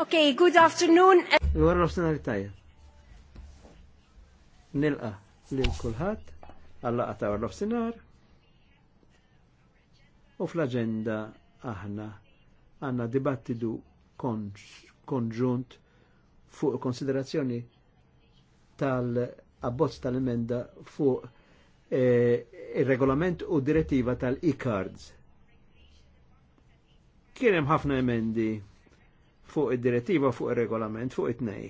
Okay, good afternoon. Għarra s-sena tajja. Nilqa li l-kulħat, għalla għata għarra f U fl-agenda aħna għanna dibattidu konġunt fuq konsiderazzjoni tal-abbozz tal-emenda fuq e, il-regolament u direttiva tal-e-cards. Kienem ħafna emendi fuq id-direttiva fuq il-regolament fuq it-nej.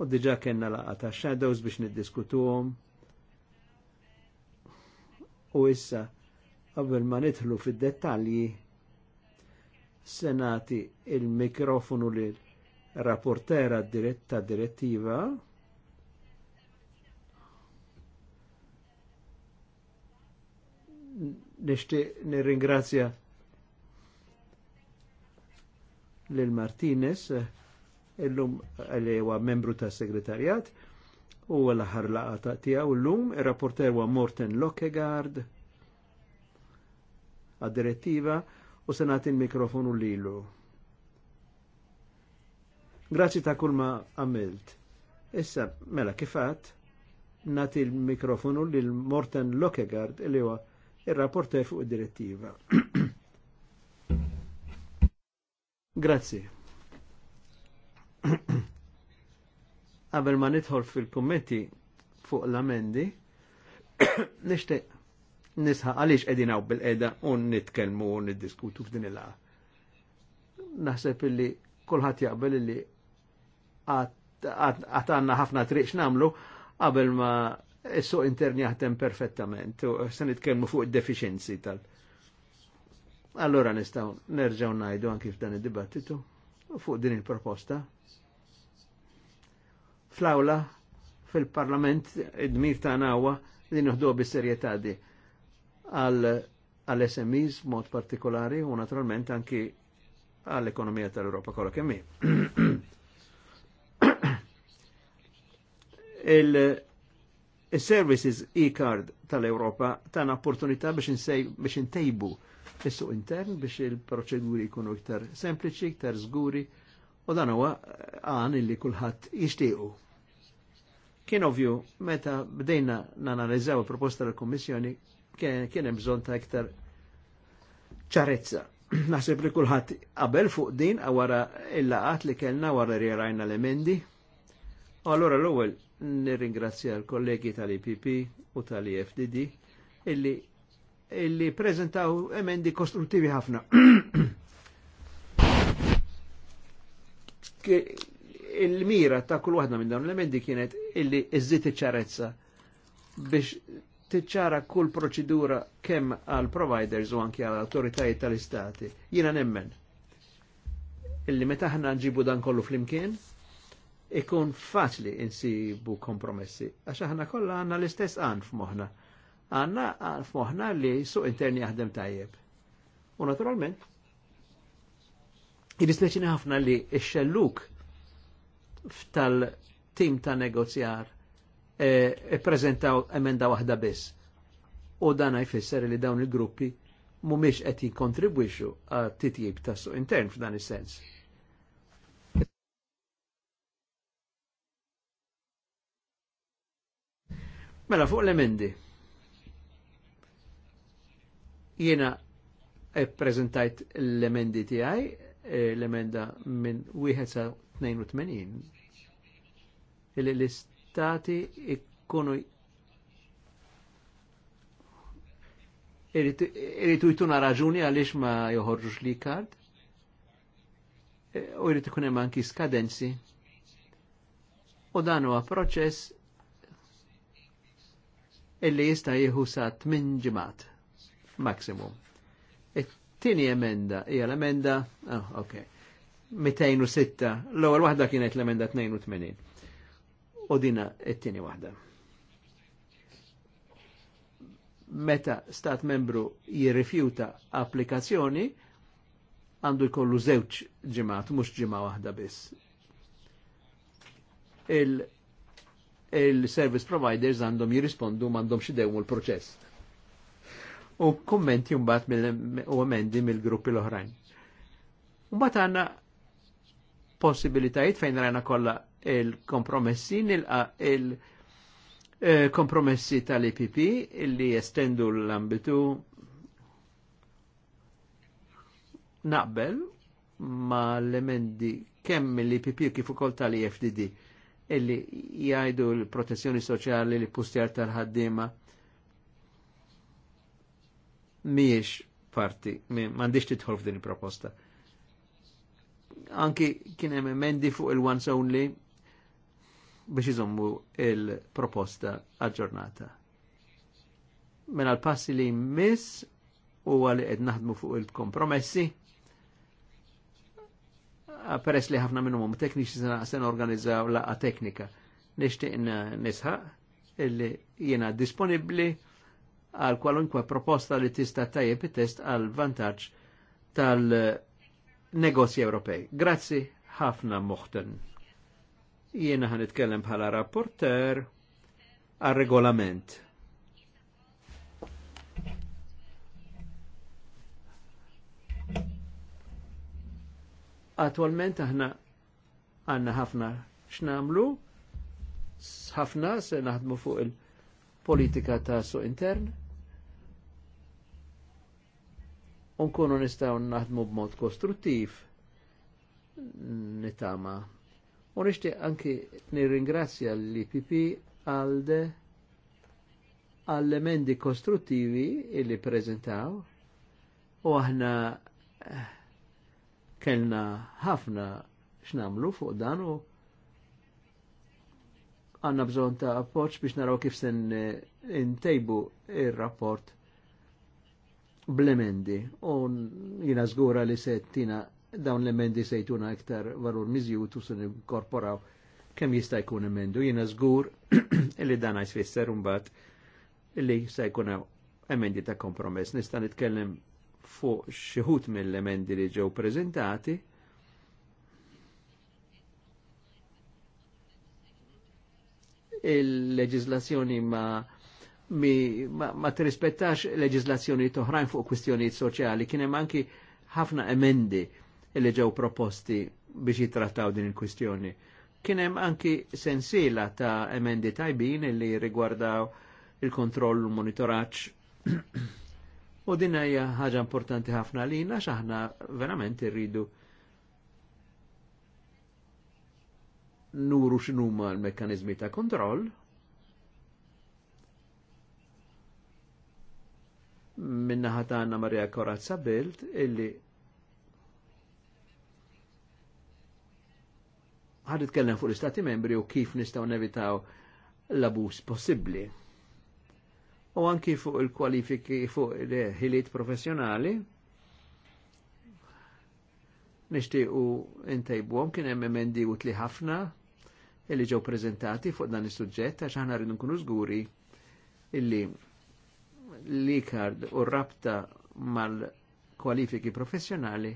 U diġa kena laqa ta' shadows biex niddiskutuhom. U issa, qabel ma nidħlu fid-dettalji, senati il-mikrofonu li rapportera diretta direttiva nishtiq nirringrazzja lil Martinez illum li huwa membru tas segretarjat u l-aħħar ta' tiegħu llum ir-rapporter huwa Morten Lockegaard għad-direttiva u se nagħti l-mikrofonu lilu. Grazzi ta' kull ma għamilt. Issa, mela kifat, nati l-mikrofonu lil Morten Lockegaard li huwa ir-rapporter fuq id-direttiva. Grazzi. Qabel ma nidħol fil kummetti fuq l-amendi, nishtiq nisħa għaliex qegħdin hawn bil edha u nitkellmu u niddiskutu f'din il Naħseb illi kulħadd jaqbel illi għat għanna ħafna triq namlu qabel ma s-suq intern jaħdem perfettament. Se nitkellmu fuq id-deficienzi tal- Allora nistaw nerġaw najdu anki f'dan id-dibattitu fuq din il-proposta. Fl-awla, fil-parlament, id mir ta' nawa li nħdu bi serjetà di għal-SMEs mod partikolari u naturalment anki għall-ekonomija tal-Europa kolla kemmi. Is-services e-card tal-Europa ta' opportunità biex intejbu is-suq intern biex il-proċeduri jkunu iktar sempliċi, iktar żguri u dan huwa għan illi kulħadd jixtiequ. Kien ovvju, meta bdejna nanalizzaw il-proposta tal-Kommissjoni, kien hemm bżonn ta' iktar ċarezza. Naħseb li kulħadd qabel fuq din għawara il-laqat li kellna wara li l-emendi, Allora l-ewwel nirringrazzja l-kollegi tal-IPP u tal-IFDD illi illi prezentaw emendi kostruttivi ħafna. il-mira ta' kull waħda minn dawn l-emendi kienet illi iżżid iċ-ċarezza biex tiċċara kull proċedura kemm għal providers u anke għal autoritajiet tal-istati. Jiena nemmen. Illi meta ħna nġibu dan kollu flimkien, ikun faċli insibu kompromessi. Għax aħna kollha għandna l-istess għan f'moħħna. Għandna f'moħħna li suq interni jaħdem tajjeb. U naturalment, jirisleċina ħafna li xelluk f'tal tim ta' negozjar e, e prezentaw emenda waħda biss. U dan jfisser li dawn il-gruppi mumiex qed jikkontribwixxu għat titjib tas suq intern f'dan is-sens. Mela fuq l-emendi. Jena e prezentajt l-emendi tiegħi, e, l-emenda minn Illi l-istati ikkunu irritu jtuna raġuni għalix ma joħorġux li kard e, u irritu kunem anki skadenzi u danu għaproċess illi jista jieħu sat minn ġimat Maximum. It-tieni emenda hija l-emenda, oh, ok, 206, l-ewwel waħda kienet l-emenda 82. U dina it-tieni waħda. Meta stat membru jirrifjuta applikazzjoni, għandu jkollu żewġ ġimgħat, mhux ġimgħa waħda biss. Il- il-service providers għandhom jirrispondu għandhom xidewmu l-proċess. U kommenti mbagħad u emendi mill-gruppi l-oħrajn. Mbagħad għandna possibilitajiet fejn rajna kollha il-kompromessi nilqa il-kompromessi eh, tal-IPP illi jestendu l-ambitu naqbel ma l-emendi kemm mill-IPP kif ukoll tal-IFDD illi jgħidu l-protezzjoni soċjali li pustjar tal-ħaddima miex parti, mandiċ titħol f'din il-proposta. Anki kien hemm emendi fuq il-once only biex iżommu il-proposta aġġornata. Mela l-passi li miss u għalli qed naħdmu fuq il-kompromessi Ah, peress li ħafna minnum tekniċi sen organizzaw laqa teknika. Nixtieq nisħa illi jiena disponibbli għal kwalunkwe proposta li tista' tajjeb it-test għal vantaġġ tal-negozji Ewropej. Grazzi ħafna moħten. Jiena ħan bħala rapporter għal regolament Attualment aħna għanna ħafna x'namlu, ħafna se naħdmu fuq il-politika ta' suq intern. Unkunu nistgħu naħdmu b'mod kostruttiv nitama. U nixtieq anki nirringrazzja l-IPP għalde għall-emendi kostruttivi illi prezentaw u aħna kellna ħafna x'namlu fuq dan u għanna bżon ta' appoċ biex naraw kif sen intejbu il-rapport blemendi. U jina zgura li settina dawn l-emendi sejtuna iktar varur mizjut u sen inkorporaw kem jista' jkun emendu. Jina zgur li dan għajs fisser un bat li jista' jkun emendi ta' kompromess. Nista' nitkellem fuq xieħut mill-emendi li ġew prezentati il-leġizlazzjoni ma mi, ma, ma t-rispettax leġizlazzjoni toħrajn fuq kwistjonijiet soċjali kien hemm anki ħafna emendi li ġew proposti biex jitrattaw din il-kwistjoni. Kien hemm anki sensila ta' emendi tajbin li rigwardaw il-kontroll u monitoraġġ U din hija ħaġa importanti ħafna li jina xaħna verament irridu nuru x'numa l mekkaniżmi ta' kontroll minna ħatana Maria Korazza Bilt illi ħad itkellem fuq l-Istati membri u kif nistgħu nevitaw l-abus possibbli u anki fuq il-kwalifiki fuq il-ħiliet professjonali nishtiqu intajbuhom kien hemm emendi tli ħafna illi ġew prezentati fuq dan is-suġġett għax aħna rridu nkunu żguri illi l-ikard u rabta mal-kwalifiki professjonali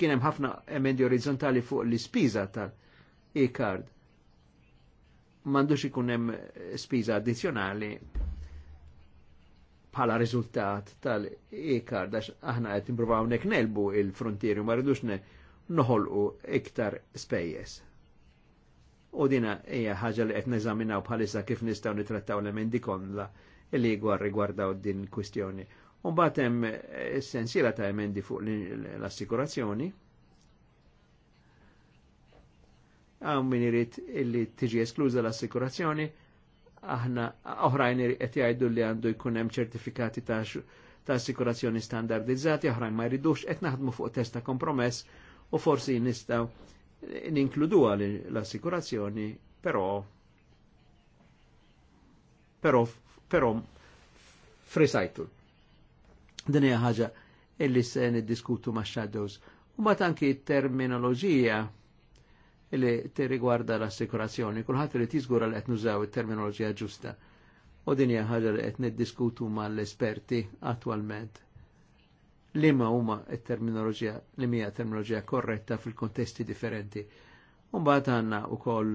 kien hemm ħafna emendi orizzontali fuq l-ispiża tal-ikard mandux ikun hemm eh, spiża addizzjonali bħala riżultat tal-ikar dax aħna qed nippruvaw nek nelbu il-frontieri ma rridux noħolqu iktar spejjeż. U dina hija ħaġa li qed neżaminaw bħalissa kif nistgħu nitrattaw l-emendi kollha li rigwardaw din kwistjoni. Mbagħad hemm eh, sensiela ta' emendi fuq l-assikurazzjoni. għaw min irrit illi tiġi eskluża l-assikurazzjoni, aħna oħrajn qed jgħidu li għandu jkun hemm ċertifikati ta' ta' assikurazzjoni standardizzati, oħrajn ma jridux qed naħdmu fuq testa kompromess u forsi nistgħu għal l-assikurazzjoni, però però però frisajtu. Din hija ħaġa illi se niddiskutu ma' shadows. U ma' tanki terminoloġija li ti rigwarda l-assikurazzjoni, kulħadd li tiżgura li qed nużaw it-terminoloġija ġusta. U din hija ħaġa li qed niddiskutu mal-esperti attwalment. Lima huma t-terminoloġija li hija terminoloġija korretta fil-kontesti differenti. Mbagħad għandna wkoll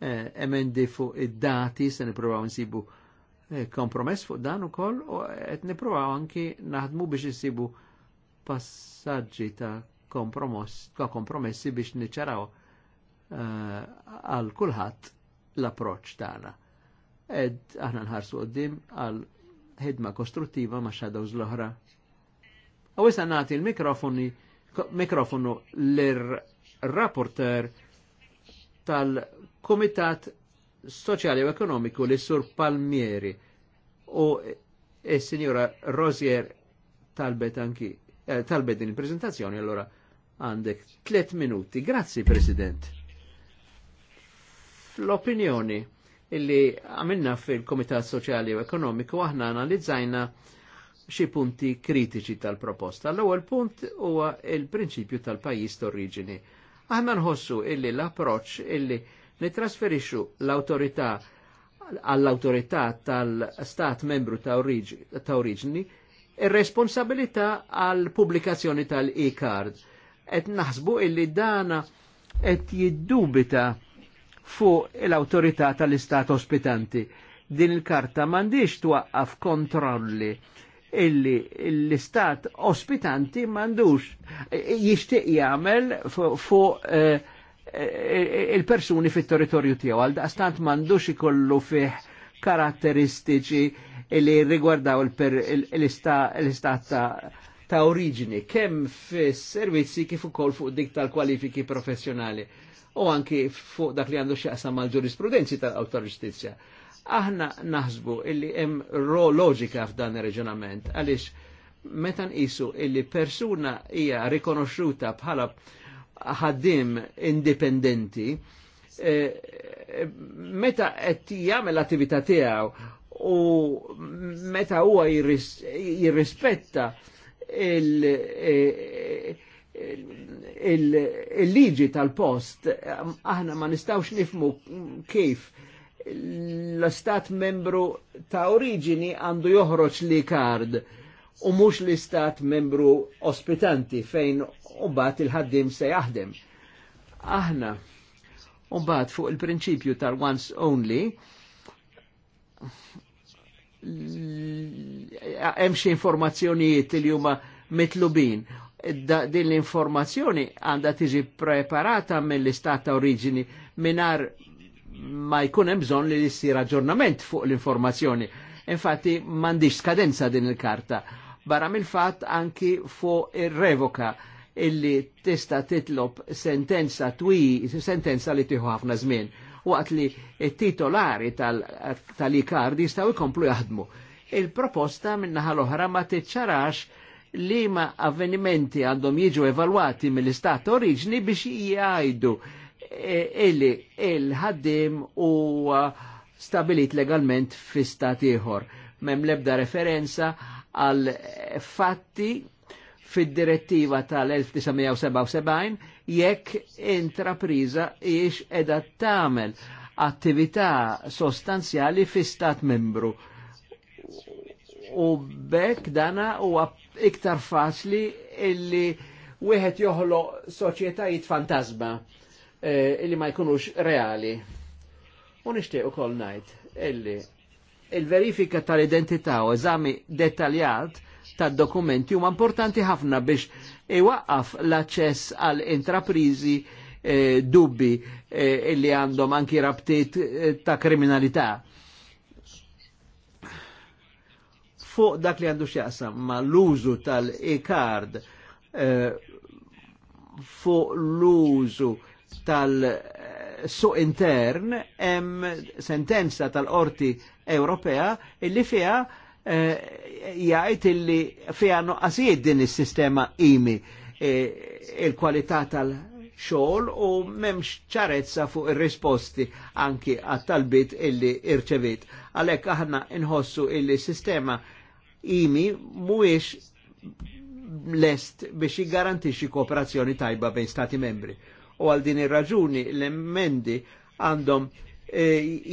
eh, emendi fuq id-dati se nippruvaw nsibu eh, kompromess fuq dan ukoll u qed nippruvaw anki naħdmu biex insibu passaġġi ta' kompromessi biex niċċaraw eh, għal uh, kulħadd l-approċċ tagħna. Ed aħna nħarsu qoddim għal ħidma kostruttiva ma' shadows l-oħra. U issa nagħti l-mikrofoni mikrofonu l-rapporter tal-Komitat Soċjali u Ekonomiku li Sur Palmieri u s-Sinjura e-, e-, Rosier talbet anki Eh, Talbed din il-prezentazzjoni, allora għandek tliet minuti. Grazzi, President. L-opinjoni illi għamilna fil-Komitat Soċjali u Ekonomiku aħna analizzajna xi punti kritiċi tal-proposta. L-ewwel punt huwa il-prinċipju tal-pajjiż Oriġini. Aħna nħossu illi l-approċċ illi nitrasferixxu l-awtorità għall-awtorità tal-stat membru ta' oriġini ir-responsabilità għal pubblikazzjoni tal-e-card. Et naħsbu illi dana et jiddubita fuq l-autorità tal-istat ospitanti. Din il-karta mandiġ twaqqaf kontrolli illi l-istat ospitanti mandux jishtiq jagħmel fuq eh, eh, il-persuni fit-territorju tiegħu għal daqstant m'għandux ikollu fih karatteristiċi li riguardaw l-istat ta' ta' oriġini, kemm fis-servizzi kif ukoll fuq dik tal-kwalifiki professjonali u anki fuq dak li għandu xaqsam mal ġurisprudenzi tal-awtor ġustizja. Aħna naħsbu illi hemm ro loġika f'dan ir-reġunament għaliex meta nqisu illi persuna hija rikonoxxuta bħala ħaddim indipendenti, eh, meta qed jagħmel l-attività tiegħu u meta huwa jirrispetta il-liġi tal-post, aħna ma nistawx nifmu kif l-istat membru ta' oriġini għandu joħroġ li kard u mux l-istat membru ospitanti fejn u bat il-ħaddim se jaħdem. Aħna Umbat fuq il-prinċipju tal-once only, hemm xi informazzjonijiet li huma mitlubin. Din l-informazzjoni għandha tiġi preparata mill-istat ta' oriġini minar ma jkun hemm bżonn li jsir aġġornament fuq l-informazzjoni. Infatti m'għandix skadenza din il-karta. Barra mill-fatt anki fuq ir-revoka illi tista titlob sentenza twi, sentenza li tiħu ħafna żmien. Waqt li titolari tal-ikard tal jistaw ikomplu jaħdmu. Il-proposta minnaħa l-oħra ma tiċċarax li ma avvenimenti għandhom jiġu evalwati mill-istat oriġni biex jgħajdu e, illi il-ħaddim u stabilit legalment fi stat ieħor. Mem lebda referenza għal fatti fid-direttiva tal-1977 jekk intrapriża jiex edha tagħmel attività sostanzjali fi stat membru. U bekk dana u iktar faċli illi wieħed joħlo soċjetajiet fantasma eh, illi ma jkunux reali. U nixtieq ukoll ngħid illi il-verifika tal-identità u eżami dettaljat tad dokumenti huma importanti ħafna biex iwaqqaf l-aċċess għal intraprizi eh, dubbi eh, illi għandhom anki rabtiet eh, ta' kriminalità. Fuq dak li għandu xjaqsam ma l-użu tal-e-card eh, fuq l-użu tal eh, su intern hemm sentenza tal-Qorti Ewropea illi fiha Eh, jgħid illi fiha nuqqasijiet din is-sistema imi eh, il-kwalità tal-xogħol u m'hemmx ċarezza fuq ir-risposti anki għat-talbit illi irċevit. Għalhekk aħna inħossu illi sistema imi mhuwiex lest biex jiggarantixxi kooperazzjoni tajba bejn stati membri. U għal din ir-raġuni l-emmendi għandhom E,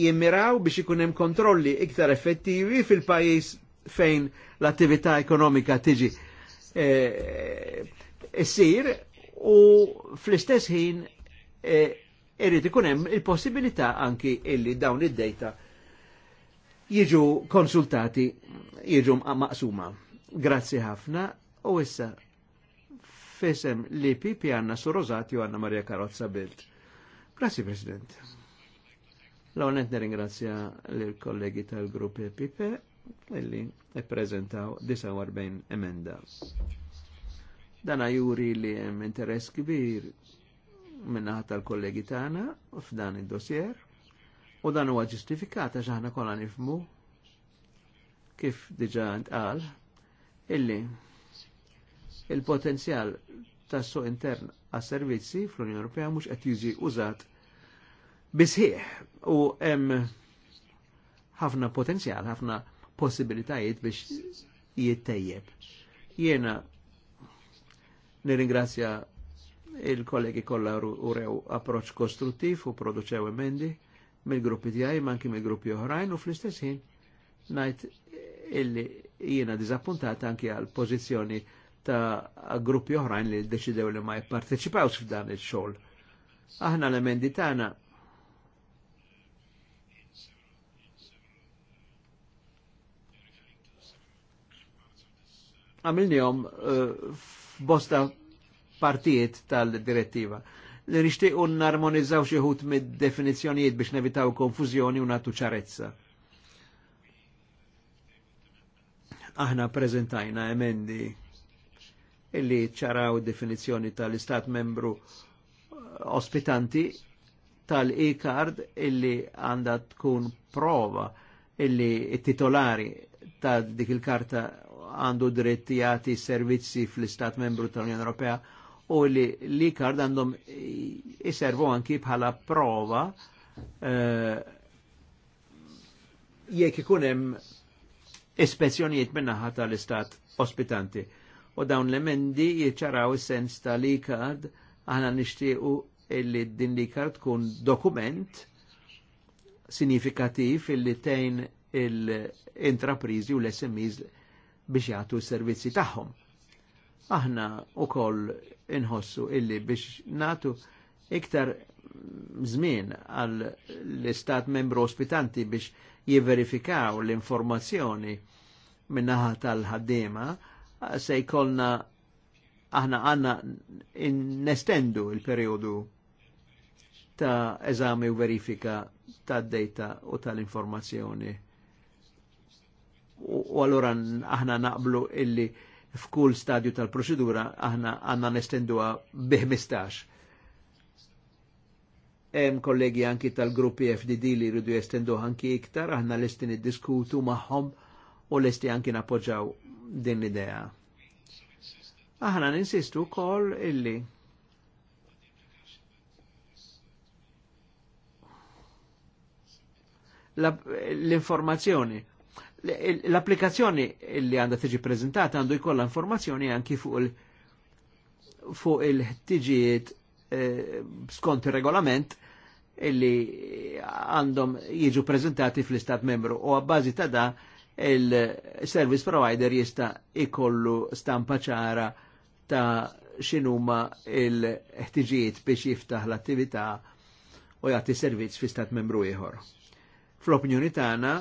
jimmiraw biex ikun hemm kontrolli iktar effettivi fil-pajjiż fejn l-attività ekonomika tiġi e, issir u fl-istess ħin e, irrid ikun hemm il-possibilità anki illi dawn id-dejta jiġu konsultati jiġu maqsuma. Grazzi ħafna u issa fesem li pipi għanna su Rosati u għanna Maria Karozza Bilt. Grazie President. L-għonet neringrazzja l-kollegi tal-grupp EPP illi e prezentaw 49 emenda. Dan juri li hemm interess kbir minnaħat tal-kollegi tagħna f'dan id-dossier u dan huwa ġustifikata aħna kollha nifmu kif diġà ntqal illi il-potenzjal tas-suq intern għas-servizzi fl-Unjoni Ewropea mhux qed jiġi użat bisħiħ u hemm ħafna potenzjal, ħafna possibilitajiet biex jittejjeb. Jiena nirringrazzja il-kollegi kollha u rew approċ kostruttiv u produċew emendi mill-gruppi tiegħi manki mill-gruppi oħrajn u fl-istess ħin ngħid illi jiena diżappuntat anki għal pożizzjoni ta' gruppi oħrajn li ddeċidew li ma jipparteċipawx f'dan il-xogħol. Aħna l-emendi tagħna għamilnihom eh, f'bosta partijiet tal-direttiva li nixtiequ narmonizzaw xi ħut mid-definizzjonijiet biex nevitaw konfużjoni u nagħtu ċarezza. Aħna prezentajna emendi illi ċaraw definizzjoni tal-istat membru eh, ospitanti tal-e-card illi għandha tkun prova illi it-titolari ta' dik il-karta għandu dritti jagħti servizzi fl-Istat membru tal-Unjoni Ewropea u li l-ikard għandhom jiservu anki bħala prova uh, jekk ikun hemm ispezzjonijiet minnaħa tal-istat ospitanti. U dawn l-emendi jiċċaraw is-sens tal-ikard aħna nixtiequ illi din l-ikard tkun dokument signifikativ illi tejn l-intraprizi u l smis biex jagħtu s-servizzi tagħhom. Aħna ukoll inħossu illi biex natu iktar żmien għal l-istat membru ospitanti biex jiverifikaw l-informazzjoni minnaħa tal-ħaddima se jkollna aħna għanna nestendu il-periodu ta' eżami u verifika ta' data u tal-informazzjoni u allora aħna naqblu illi f'kull stadju tal-proċedura aħna għanna nestenduha bi 15. Hemm kollegi anki tal-gruppi FDD li jridu jestendu anki iktar, aħna lesti niddiskutu magħhom u lesti anki napoġaw din l-idea. Aħna ninsistu wkoll illi l-informazzjoni l-applikazzjoni li għandha tiġi prezentata għandu jkollha informazzjoni anki fuq il- fuq il-ħtiġijiet eh, skont il-regolament illi għandhom jiġu prezentati fl-istat membru u għabbażi ta' da il-service provider jista ikollu stampa ċara ta' xinuma il-ħtiġijiet biex jiftaħ l-attività u jagħti servizz fl-Istat membru ieħor. Fl-opinjoni tagħna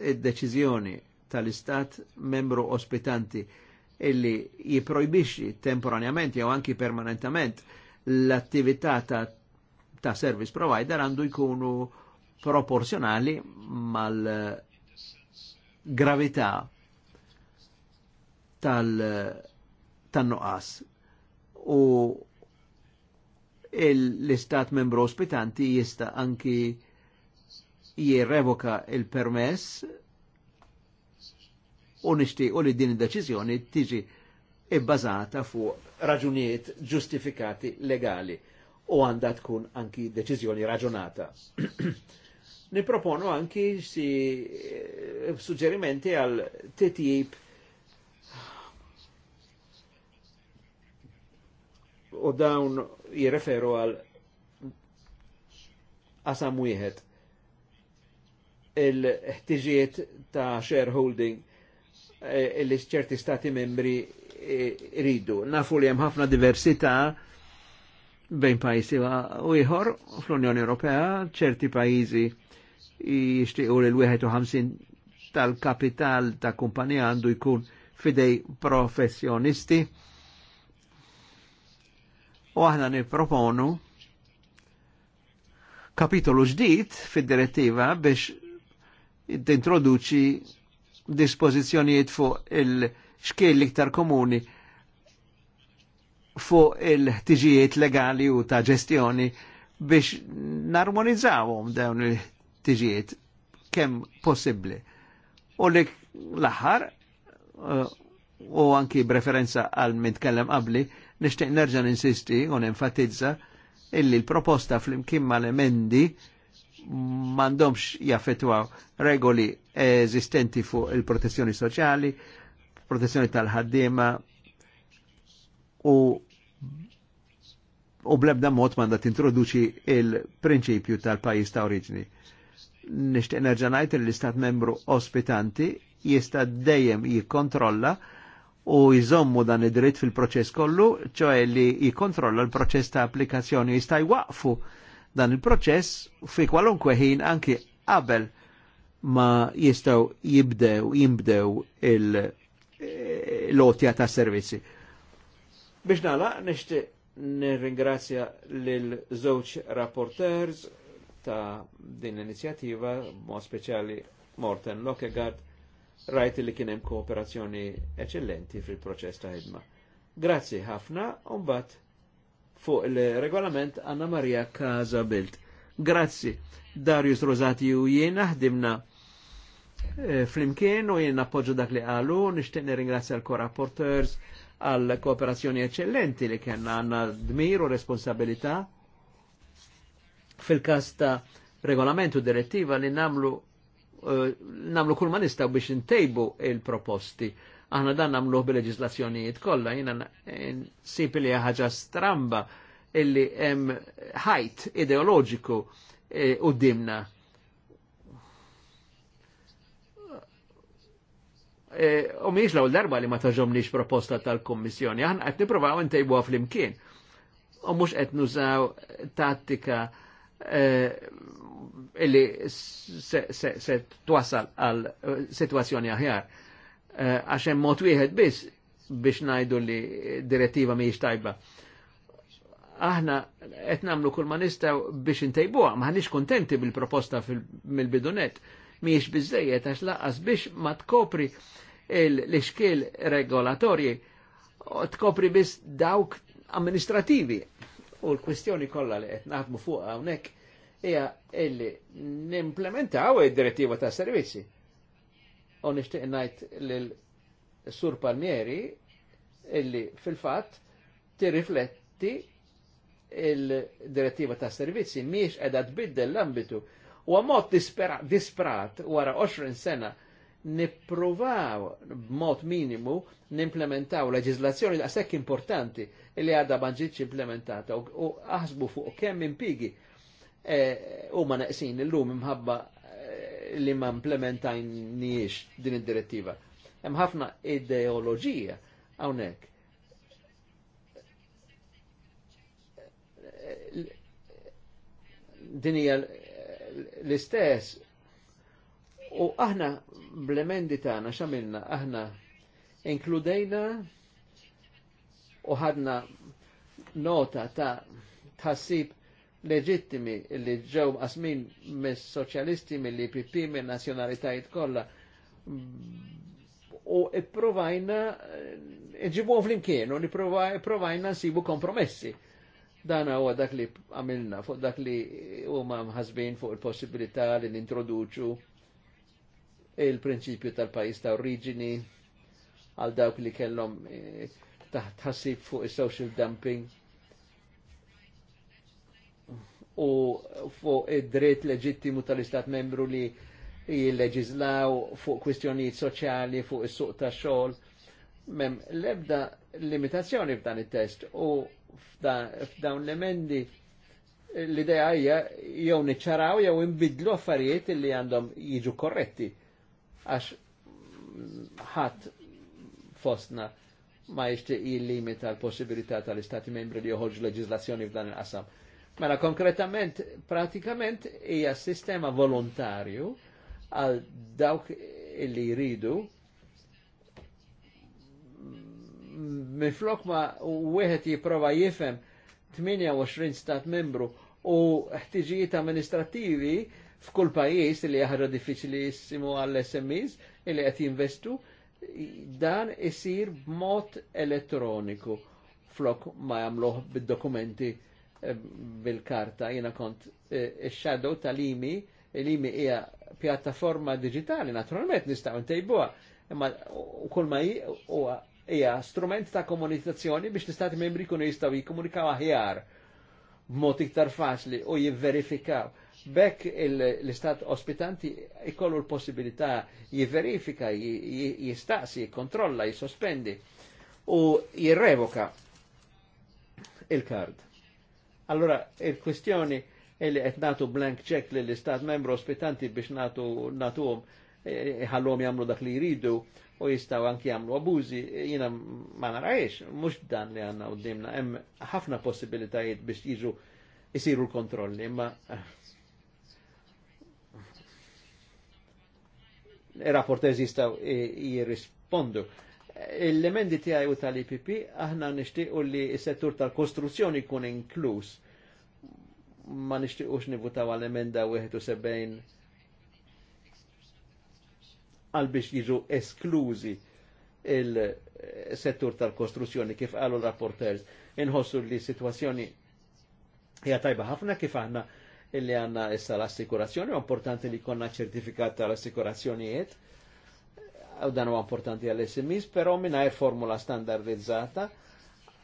id deċizjoni tal-istat membru ospitanti illi jiprojbixi temporanjament jew anki permanentament l-attività ta', ta service provider għandu jkunu proporzjonali mal-gravità tal-nuqqas. Tal U l-istat membru ospitanti jista' anki jirrevoka il-permess u u li din id deċizjoni tiġi ibbażata fu raġunijiet ġustifikati legali u għandha tkun anki deċizjoni raġunata. Niproponu anki si eh, suġġerimenti għal titjib u dawn jirreferu għal qasam wieħed il-ħtiġiet ta' shareholding eh, illi ċerti stati membri eh, ridu. Nafu li hemm ħafna diversità bejn pajjiżi u ieħor fl-Unjoni Ewropea, ċerti pajjiżi jixtiequ lil 51 tal-kapital ta' kumpanija għandu jkun fidej professjonisti. U aħna nipproponu kapitolu ġdid fid-direttiva biex tintroduċi dispożizzjonijiet fuq il-xkiel liktar komuni fuq il-ħtiġijiet legali u ta' ġestjoni biex narmonizzawhom dawn il-ħtiġijiet kemm possibbli. U li l-aħħar uh, u anki b'referenza għal min tkellem qabli, nixtieq nerġa' ninsisti u nenfatizza illi l-proposta fl-imkien mal-emendi mandomx jaffetwaw regoli eżistenti fuq il-protezzjoni soċjali, protezzjoni tal ħaddima u u blebda mod manda introduċi il-prinċipju tal-pajis ta' oriġni. Nishtiq nerġanajt l-istat membru ospitanti jista' dejjem jikkontrolla u jżommu dan id-dritt fil-proċess kollu, ċoħe li jikontrolla l-proċess ta' applikazzjoni jista' jwaqfu dan il-proċess fi kwalunkwe ħin anki qabel ma jistaw jibdew, jimbdew il-lotja eh, ta' servizzi. Biex nala, nishti nirringrazzja l-żewġ rapporteurs ta' din l-inizjativa, mo speċjali Morten Lokegard, rajt li kienem kooperazzjoni eccellenti fil-proċess ta' ħidma. Grazzi ħafna, un bat fuq il-regolament Anna Maria Casabilt. Grazzi, Darius Rosati u jiena ħdimna eh, flimkien u jiena appoġġu dak li għalu, nishtiq ringrazzja l-korrapporters għal kooperazzjoni eccellenti li kena għanna dmir u responsabilità fil-kas ta' regolamentu direttiva li namlu eh, namlu kull ma nistaw biex intejbu il-proposti Aħna dan nagħmluh bil-leġislazzjonijiet kollha, jiena nsib li ħaġa stramba illi hemm ħajt ideoloġiku e, qudiemna. E, u miex l-ewwel darba li ma taġomniex proposta tal-Kommissjoni, aħna qed nippruvaw intejbuha flimkien. U mhux qed nużaw tattika e, illi se twasal għal situazzjoni aħjar. Eh, għax hemm mod wieħed biss biex ngħidu li direttiva mhijiex tajba. Aħna qed nagħmlu kull ma nistgħu biex intejbuha, ma ħanix kuntenti bil-proposta mill-bidunet mhijiex biżejjed għax laqas biex ma tkopri l-iskil regolatorji tkopri biss dawk amministrativi. U l-kwistjoni kollha li qed naħdmu fuq hawnhekk hija illi nimplementaw id-direttiva ta' servizzi u nishtiq najt l-Sur Palmieri illi fil-fat tirrifletti il-direttiva ta' servizzi miex edha tbiddel l-ambitu u għamot disprat wara 20 sena nipruvaw b'mod minimu nimplementaw leġizlazzjoni da' sekk importanti li għadha banġiċ implementata u aħsbu fuq kemm impigi eh, u ma naqsin l-lum imħabba li ma implementajniex din id-direttiva. Hemm ħafna ideoloġija hawnhekk. Din hija l-istess u aħna bl-emendi tagħna x'għamilna aħna inkludejna u ħadna nota ta' tħassib leġittimi li ġew qasmin mis soċjalisti mill-IPP minn nazzjonalitajiet kollha u ipprovajna iġibuhom eh, flimkien u nipprovajna nsibu kompromessi. Dan huwa dak li għamilna fuq dak li huma mħasbin fuq il-possibilità li nintroduċu il-prinċipju tal-pajis ta' oriġini għal dawk li kellhom eh, taħt ħassib fuq is-social dumping u fuq id-dritt leġittimu tal-Istat membru li jilleġizlaw fuq kwistjonijiet soċjali, fuq is-suq tax xogħol. Mem ebda limitazzjoni f'dan it-test u f'dawn l-emendi l-idea hija jew niċċaraw jew inbidlu affarijiet li għandhom jiġu korretti għax ħadd fostna ma jixtieq jillimita l-possibilità tal-Istati membri li joħorġu leġiżlazzjoni f'dan il-qasam Mela konkretament, pratikament hija sistema volontarju għal dawk illi jridu minflok ma wieħed jipprova jifhem 28 stat membru u ħtiġijiet amministrativi f'kull pajjiż li jaħra diffiċilissimu għall smis li qed jinvestu dan isir b'mod elettroniku flok ma jagħmluh bid-dokumenti bil-karta, jina kont eh, il-shadow tal-imi, il imi hija pjattaforma digitali, naturalment nistaw ntejbuha, imma kull ma hija strument ta' komunikazzjoni biex l-istati membri kunu jistaw jikomunikaw aħjar b'mod iktar faċli u jivverifikaw. Bekk l-istat ospitanti ikollu l-possibilità jiverifika, jistaqsi, kontrolla, jisospendi u jirrevoka il-kard Allora, il-kwistjoni li qed natu blank check li l-istat membru ospitanti biex natu natuhom e, ħallhom jagħmlu dak li jridu u jistaw anki jagħmlu abużi, jiena ma narajx, mhux dan li għandna qudiemna, hemm ħafna possibilitajiet biex jiġu jisiru l-kontrolli, imma eh, rapportez jistaw eh, jirrispondu l-emendi tiegħi u tal-IPP aħna nixtiequ li s-settur tal-kostruzzjoni jkun inkluż. Ma nixtiequx nivutaw għal-emenda 71 għal biex jiġu esklużi il-settur tal-kostruzzjoni kif qalu l-rapporters. Inħossu li situazzjoni hija tajba ħafna kif aħna illi għanna issa l-assikurazzjoni, importanti li konna ċertifikat tal-assikurazzjonijiet u dan huwa importanti għal smis però minna formula standardizzata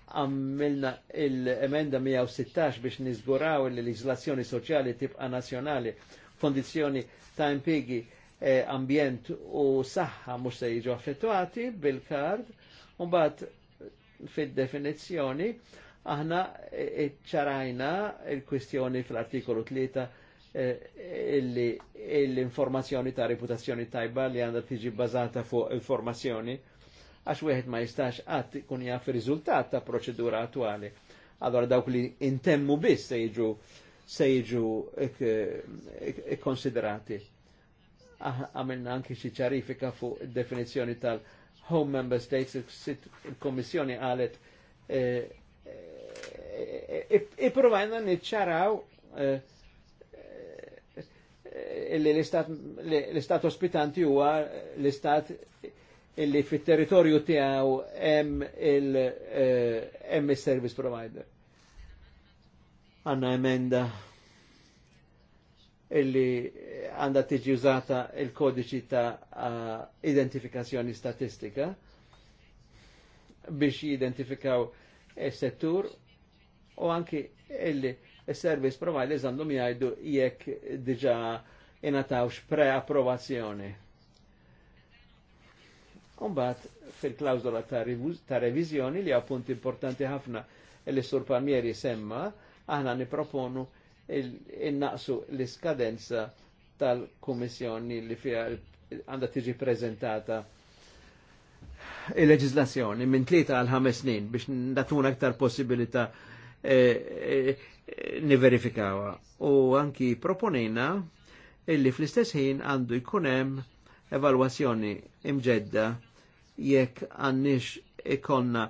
għammilna l-emenda 116 biex nizguraw il-legislazzjoni soċjali tibqa nazjonali, kondizjoni ta' impigi eh, ambjent u saħħa mux se jiġu affettuati bil-kard, un bat fil-definizjoni, aħna ċarajna il-kwistjoni fl-artikolu 3 eh, illi l-informazzjoni ta' reputazzjoni tajba li għandha tiġi bazata fuq informazzjoni għax wieħed ma jistax għad kun jaf riżultat ta' proċedura attuali. Allora dawk li intemmu biss se jiġu se jiġu konsiderati. Għamilna anki xi ċarifika fuq definizzjoni tal-Home Member States, il-Kommissjoni għalet ipprovajna niċċaraw eh, illi l-istat ospitanti huwa l-istat illi fit-territorju tiegħu hemm il-hemm eh, service provider. Għanna emenda illi għanda tiġi użata il-kodiċi ta' identifikazzjoni statistika biex jidentifikaw il-settur u anki illi il-service providers għandhom jgħidu jekk diġa inatawx pre-approvazzjoni. Umbat fil-klawzola ta' revizjoni li appunt importanti ħafna li sur Palmieri semma, aħna niproponu il-naqsu l-iskadenza tal-Kummissjoni li fija għanda tiġi prezentata il-leġizlazzjoni minn tlieta għal ħames snin biex natuna aktar possibilità E, e, niverifikawa. U anki proponina illi fl-istess ħin għandu jkunem evalwazzjoni imġedda jekk għannix ikonna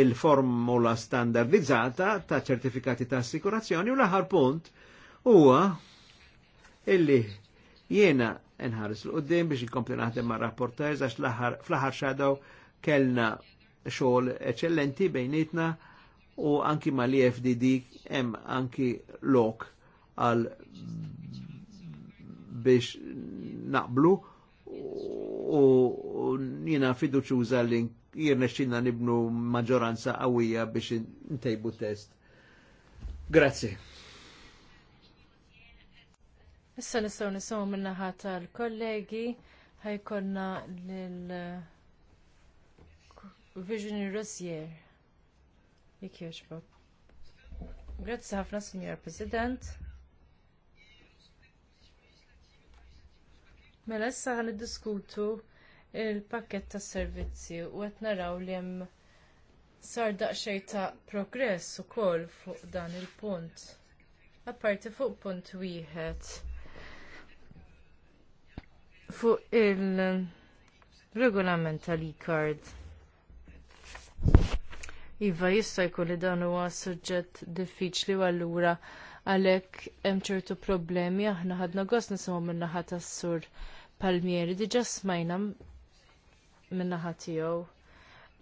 il-formula standardizzata ta' ċertifikati ta' assikurazzjoni u l-aħar punt huwa illi jiena nħares l-qoddim biex nkompli naħdem ma' rapporters għax fl-aħħar shadow kellna xogħol eċellenti bejnietna u anki ma li FDD hem anki lok għal biex naqblu u jina fiduċuża li jirna xina nibnu maġoranza għawija biex ntejbu test. Grazie. Issa nistaw nistgħu minna minnaħa tal-kollegi ħajkonna l Visionary Rosier. Jek Grazzi ħafna, Signor President. Mela issa ħan diskutu il-pakket tas servizzi u qed naraw li hemm sar daqsxejn ta' progress ukoll fuq dan il-punt. Apparti fuq punt wieħed fuq il-regolament tal-e-card. Iva jista' jkun li dan huwa suġġett diffiċli u allura għalhekk hemm ċertu problemi aħna ħadna gost nisimgħu min-naħa tas-sur Palmieri diġà smajna min-naħa tiegħu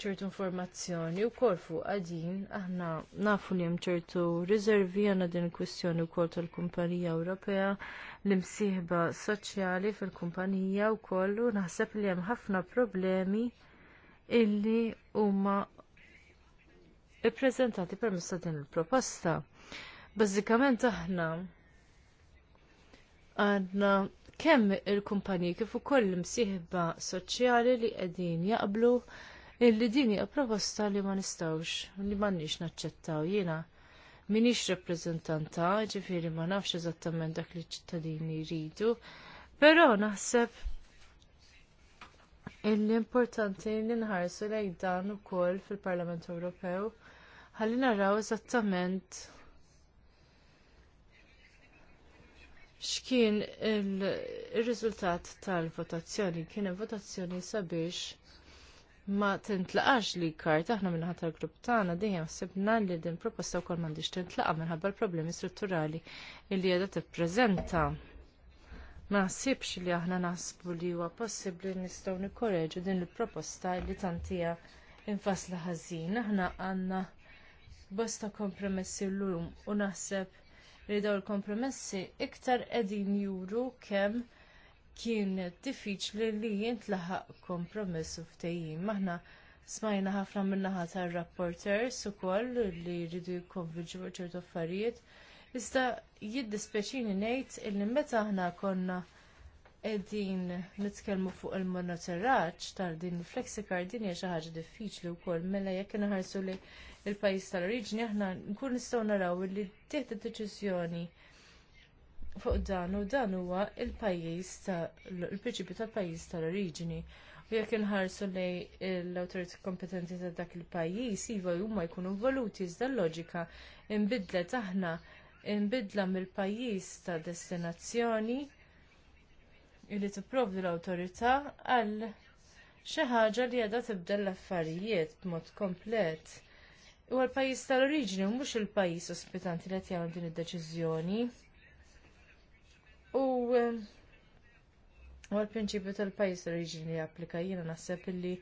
ċertu informazzjoni U kol fuq qadin aħna nafu li hemm ċertu riservi għandna din il-kwistjoni wkoll tal-Kumpanija Ewropea l-imsieħba soċjali fil-kumpanija wkoll u naħseb li hemm ħafna problemi illi huma ippreżentati permezz ta' din il-proposta. Bażikament aħna għandna kemm il-kumpaniji kif ukoll l-imsieħba soċjali li qegħdin jaqblu illi din hija proposta li ma nistgħux li m'għandniex naċċettaw jiena minix rappreżentanta, ġifieri ma nafx eżattament dak li ċittadini jridu, però naħseb l-importanti li nħarsu lejn dan ukoll fil-Parlament Ewropew ħalli naraw eżattament x'kien ir-riżultat tal-votazzjoni. Kien votazzjoni sabiex ma tintlaqax li kart aħna minnaħat tal-grupp tagħna dejjem ħsibna li din proposta wkoll m'għandix tintlaqa minħabba l-problemi strutturali li qiegħda tippreżenta. Ma naħsibx li aħna naħsbu li huwa possibbli nistgħu nikkoreġu din il-proposta li tantija infasla ħażin. Aħna għandna bosta kompromessi llum u naħseb li dawn il-kompromessi iktar qegħdin juru kemm kien diffiċli li jintlaħaq kompromess u ftehim. Aħna smajna ħafna min-naħa tar rapporteurs ukoll li jridu jikkonvinġu fuq ċertu affarijiet. Iżda jiddispeċini ngħid illi meta aħna konna qegħdin nitkellmu fuq il-monitoraġġ tal din il-flexicard din hija xi ħaġa diffiċli wkoll mela jekk inħarsu li il-pajjiż tal-oriġini aħna nkun nistgħu naraw li teħt id-deċiżjoni fuq dan u dan huwa il-pajjiż tal-prinċipju tal-pajjiż tal-oriġini. U jekk inħarsu lejn l-awtorità kompetenti ta' dak il-pajjiż iva huma jkunu involuti iżda l-loġika inbidlet aħna inbidla mill-pajjiż ta' destinazzjoni li tipprovdi l-awtorità għal xi ħaġa li għadha tibdel l-affarijiet b'mod komplet. U l-pajjiż tal-oriġini u mhux il pajis ospitanti li qed din id-deċiżjoni. U eh, għal l-prinċipju tal-pajjiż tal-oriġini li applika jiena naħseb illi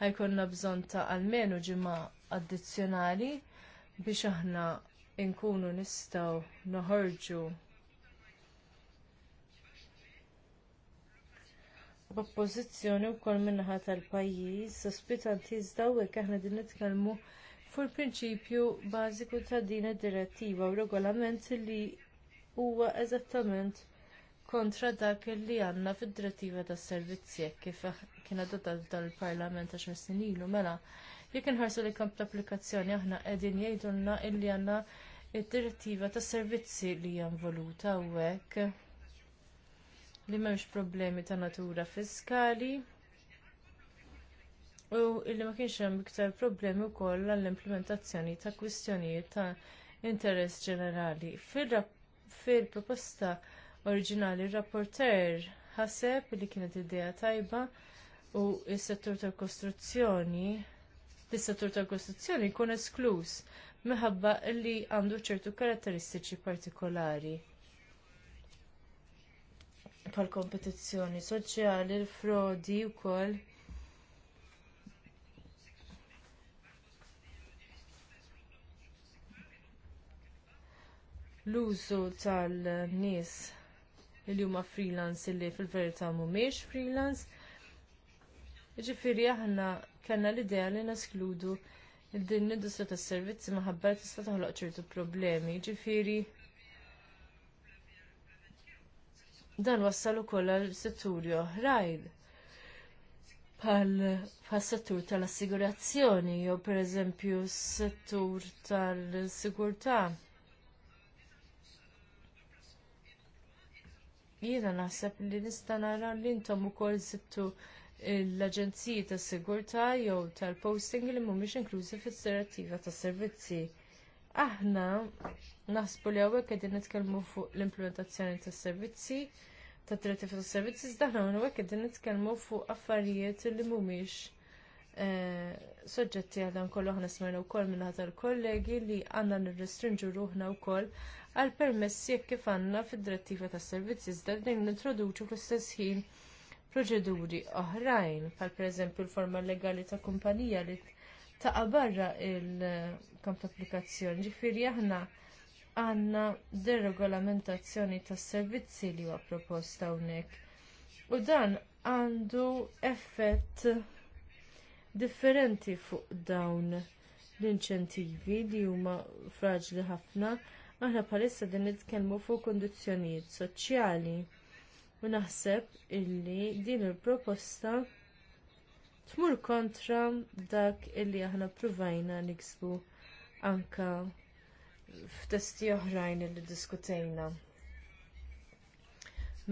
ħajkonna bżonn ta' almenu ġimgħa addizzjonali biex aħna inkunu nistgħu noħorġu b'oppożizzjoni wkoll kol minnaħat tal-pajjiż sospitanti iżda hekk aħna din nitkellmu fuq prinċipju bażiku ta' din id-direttiva u regolament li huwa eżattament kontra dak li għandna fid-direttiva tas servizzi kif kien adottat dal-Parlament għax mis-snin ilu mela jekk inħarsu li kamp ta' applikazzjoni aħna qegħdin jgħidulna illi għandna id-direttiva tas servizzi li hija involuta hawnhekk li m'hemmx problemi ta' natura fiskali U illi ma kienx hemm iktar problemi wkoll għall-implementazzjoni ta' kwistjonijiet ta' interess ġenerali. Fil-proposta oriġinali r-rapporter ħaseb li kienet idea tajba u s-settur tal-kostruzzjoni l-settur tal-kostruzzjoni jkun esklus minħabba li għandu ċertu karatteristiċi partikolari bħall kompetizzjoni soċjali, l-frodi wkoll l-użu tal-nies li huma freelance li fil-verità mhumiex freelance. Jiġifieri aħna kellna l-idea li naskludu din l-industrija tas-servizzi li tista' toħloq ċertu problemi. jiġifieri dan wassal ukoll għal setturi oħrajn bħal-settur tal-assigurazzjoni jew pereżempju s settur tal-sigurtà Jiena naħseb li nista' nara li intom ukoll sittu l-aġenziji tas sigurtà jew tal-posting li mhumiex inklużi fis-direttiva tas servizzi. Aħna naħsbu li hawnhekk qegħdin nitkellmu fuq l-implementazzjoni tas servizzi ta' direttiva tas servizzi iżda aħna hawnhekk qegħdin nitkellmu fuq affarijiet li mhumiex eh, soġġetti għal dan kollu ħna smajna wkoll min ħadd tal kollegi li għandna nirrestrinġu ruħna wkoll għal permessi jekk kif għandna fid-direttiva tas servizzi iżda din nintroduċu fl-istess ħin proċeduri oħrajn, bħal pereżempju l-forma legali ta' kumpanija li taqa' barra il-kamp ta' applikazzjoni. Ġifieri aħna għandna deregolamentazzjoni tas servizzi li huwa proposta hawnhekk. U dan għandu effett differenti fuq dawn l-inċentivi li huma fraġli ħafna aħna bħalissa din nitkellmu fuq kundizzjonijiet soċjali. U naħseb illi din il-proposta tmur kontra dak illi aħna ppruvajna niksbu anke f'testi oħrajn illi ddiskutejna.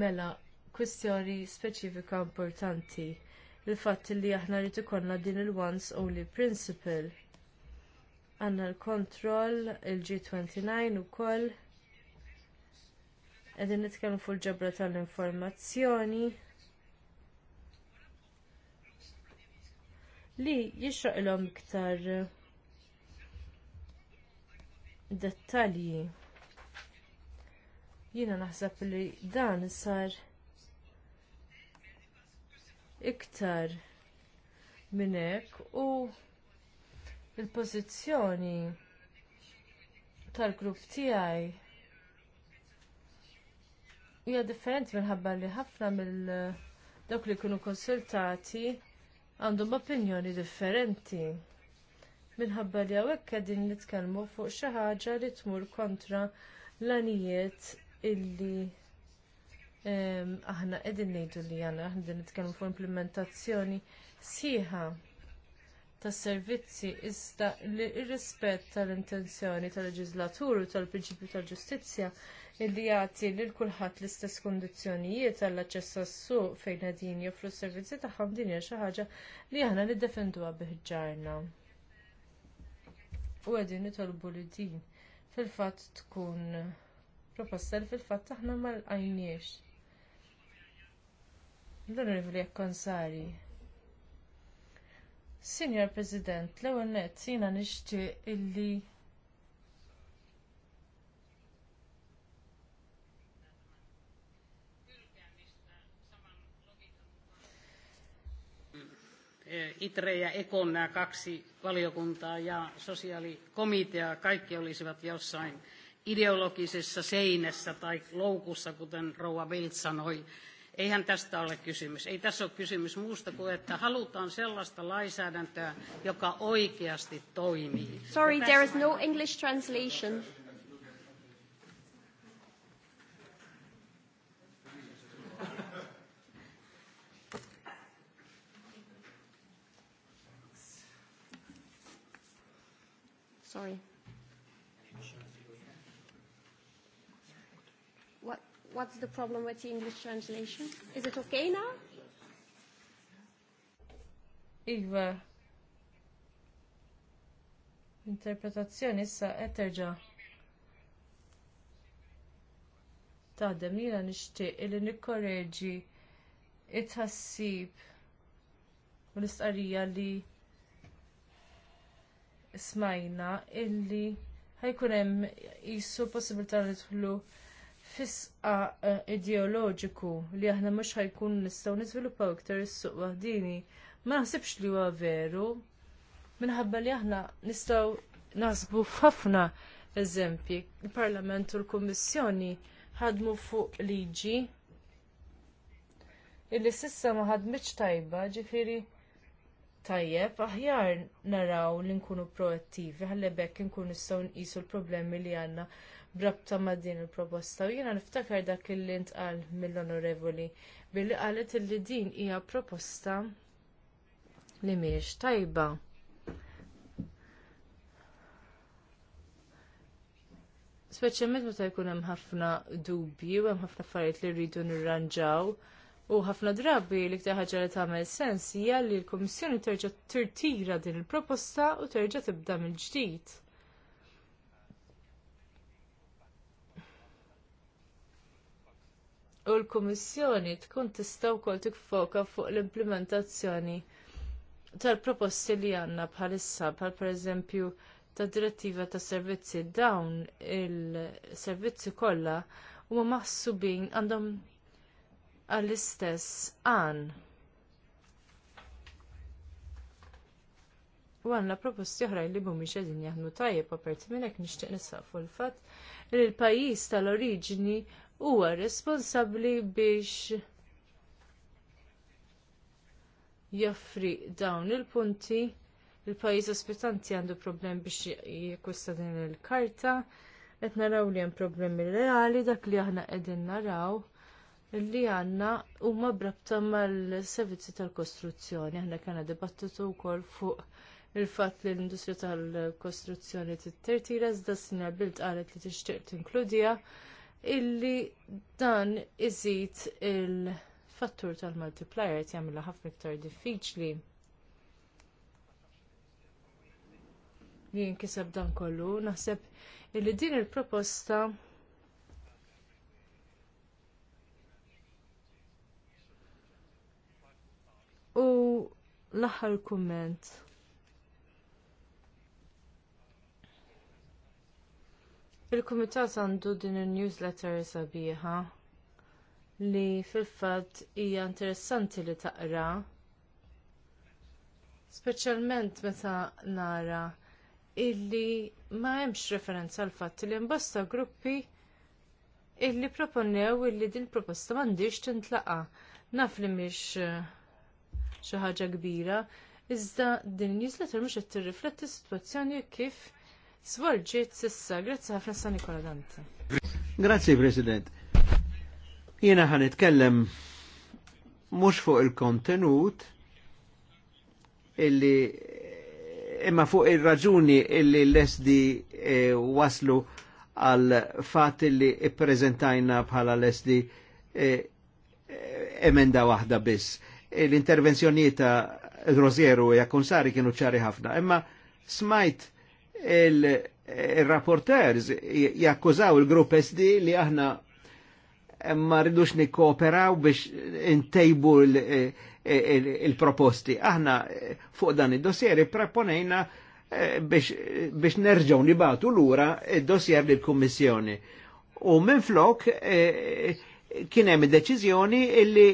Mela, kwistjoni speċifika importanti il fatt li aħna rrid ikollna din il-once only principle għanna l-kontroll, il-G29 u koll. Għedin nitkellmu fuq ġabra tal-informazzjoni. Li jixraq l-om iktar dettalji. Jiena naħseb li dan sar iktar minn hekk u il-pożizzjoni tal-grupp tiegħi hija differenti minħabba li ħafna mill dawk li jkunu konsultati għandhom opinjoni differenti. Minħabba li hawnhekk qegħdin nitkellmu fuq xi ħaġa li tmur kontra l-anijiet illi ehm, aħna qegħdin ngħidu li għandna qegħdin nitkellmu fuq implementazzjoni sieħa tas servizzi iżda li rispett tal-intenzjoni tal-leġislatur u tal-prinċipju tal-ġustizzja illi jagħti lil kulħadd l-istess kundizzjonijiet għall aċċess għas-suq fejn qegħdin joffru s-servizzi tagħhom din hija xi ħaġa li aħna niddefenduha biħġarna. U qegħdin nitolbu li din fil-fatt tkun proposta li fil-fatt aħna ma lqajniex. Dan rivli jekk konsari. Signor President, l-ewwel nett jiena nixtieq illi eh, Itreja, EKON nämä kaksi valiokuntaa ja sosiaalikomitea, kaikki olisivat jossain ideologisessa seinässä tai loukussa, kuten Rouva Bild sanoi. Eihän tästä ole kysymys. Ei tässä ole kysymys muusta kuin, että halutaan sellaista lainsäädäntöä, joka oikeasti toimii. Sorry, tässä... there is no English translation. Sorry. What's the problem with the English translation? Is it okay now? Iva. Interpretazzjoni issa qed terġa' taħdem jiena nixtieq illi nikkoreġi it-ħassib u l-istqarrija li smajna illi ħajkun hemm qisu possibilità li nidħlu fisqa eh, ideoloġiku li aħna mhux ħajkun nistgħu niżviluppaw iktar is-suq waħdini, ma naħsibx li huwa veru. Minħabba li aħna nistgħu naħsbu f'ħafna eżempji, il-Parlament u l-Kummissjoni ħadmu fuq liġi illi sissa ma ħadmitx tajba, ġifieri tajjeb, aħjar naraw li nkunu proattivi, ħallebek inkunu nistgħu nqisu l-problemi li għandna brabta ma' din il-proposta. U jiena niftakar dak li ntqal mill-onorevoli billi qalet li din hija proposta li mhijiex tajba. Speċjalment meta jkun hemm ħafna dubji u hemm ħafna affarijiet li rridu nirranġaw u ħafna drabi l-iktar ħaġa li tagħmel sens hija li l-Kummissjoni terġa' tirtira din il-proposta u terġa' tibda mill-ġdid. u l-Kummissjoni tkun tista' wkoll tikfoka fuq l-implementazzjoni tal-proposti li għandna bħalissa bħal pereżempju tad direttiva tas servizzi dawn il-servizzi kollha huma maħsubin għandhom għall-istess għan. U għandna proposti oħrajn li mhumiex qegħdin jaħdmu tajjeb aperti minn hekk nixtieq nisaq fuq il-fatt li l-pajjiż tal-oriġini huwa responsabbli biex joffri dawn il-punti il-pajjiż ospitanti għandu problem biex jekwista din il-karta qed naraw li hemm problemi reali dak li aħna qegħdin naraw li għandna huma brabta mal-servizzi tal-kostruzzjoni. Aħna kena dibattitu wkoll fuq il fatt li l-industrija tal-kostruzzjoni t-tertira iżda s-sina bilt qalet li tixtieq tinkludiha illi dan iżid il-fattur tal-multiplier jagħmilha ħafna iktar diffiċli. Li jinkiseb dan kollu, naħseb illi din il-proposta u l-aħħar kumment. Il-Kumitat għandu din il-newsletter sabiħa li fil-fatt hija interessanti li taqra speċjalment meta nara illi ma hemmx referenza għal fatt li mbasta gruppi illi proponew illi din proposta m'għandix tintlaqa. Naf li mhix eh, xi ħaġa kbira, iżda din newsletter mhux qed tirrifletti s-sitwazzjoni kif svolġiet sissa. Grazzi ħafna sa' Nikola Dante. Grazzi, President. Jena ħan itkellem mux fuq il-kontenut illi imma fuq il-raġuni illi l-SD e, eh, waslu għal fat illi prezentajna bħala l-SD eh, e, emenda wahda biss. l intervenzjoni ta' Rosieru e Akonsari kienu ċari ħafna, imma smajt Eh, il-rapporters jakkużaw il-grupp SD li aħna eh, ma rridux nikkooperaw biex intejbu eh, il-proposti. Aħna fuq dan id-dossieri proponejna biex nerġaw nibatu l-ura id-dossier lill-Kummissjoni. U minn flok kien hemm deċiżjoni illi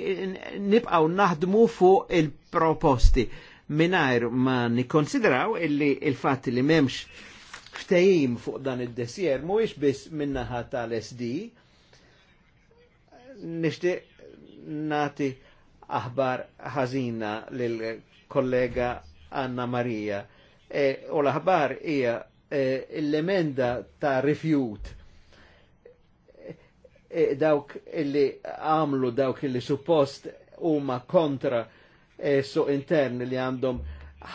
nibqgħu naħdmu fuq il-proposti. il proposti minajr ma nikonsidraw illi il-fat li memx ftejim fuq dan id-desier mhuwiex biss minnaħa tal-SD nixtieq nati aħbar ħazina lil kollega Anna Marija. E, u l-aħbar hija e, l-emenda ta' rifjut e, dawk illi għamlu dawk illi suppost huma kontra e su intern li għandhom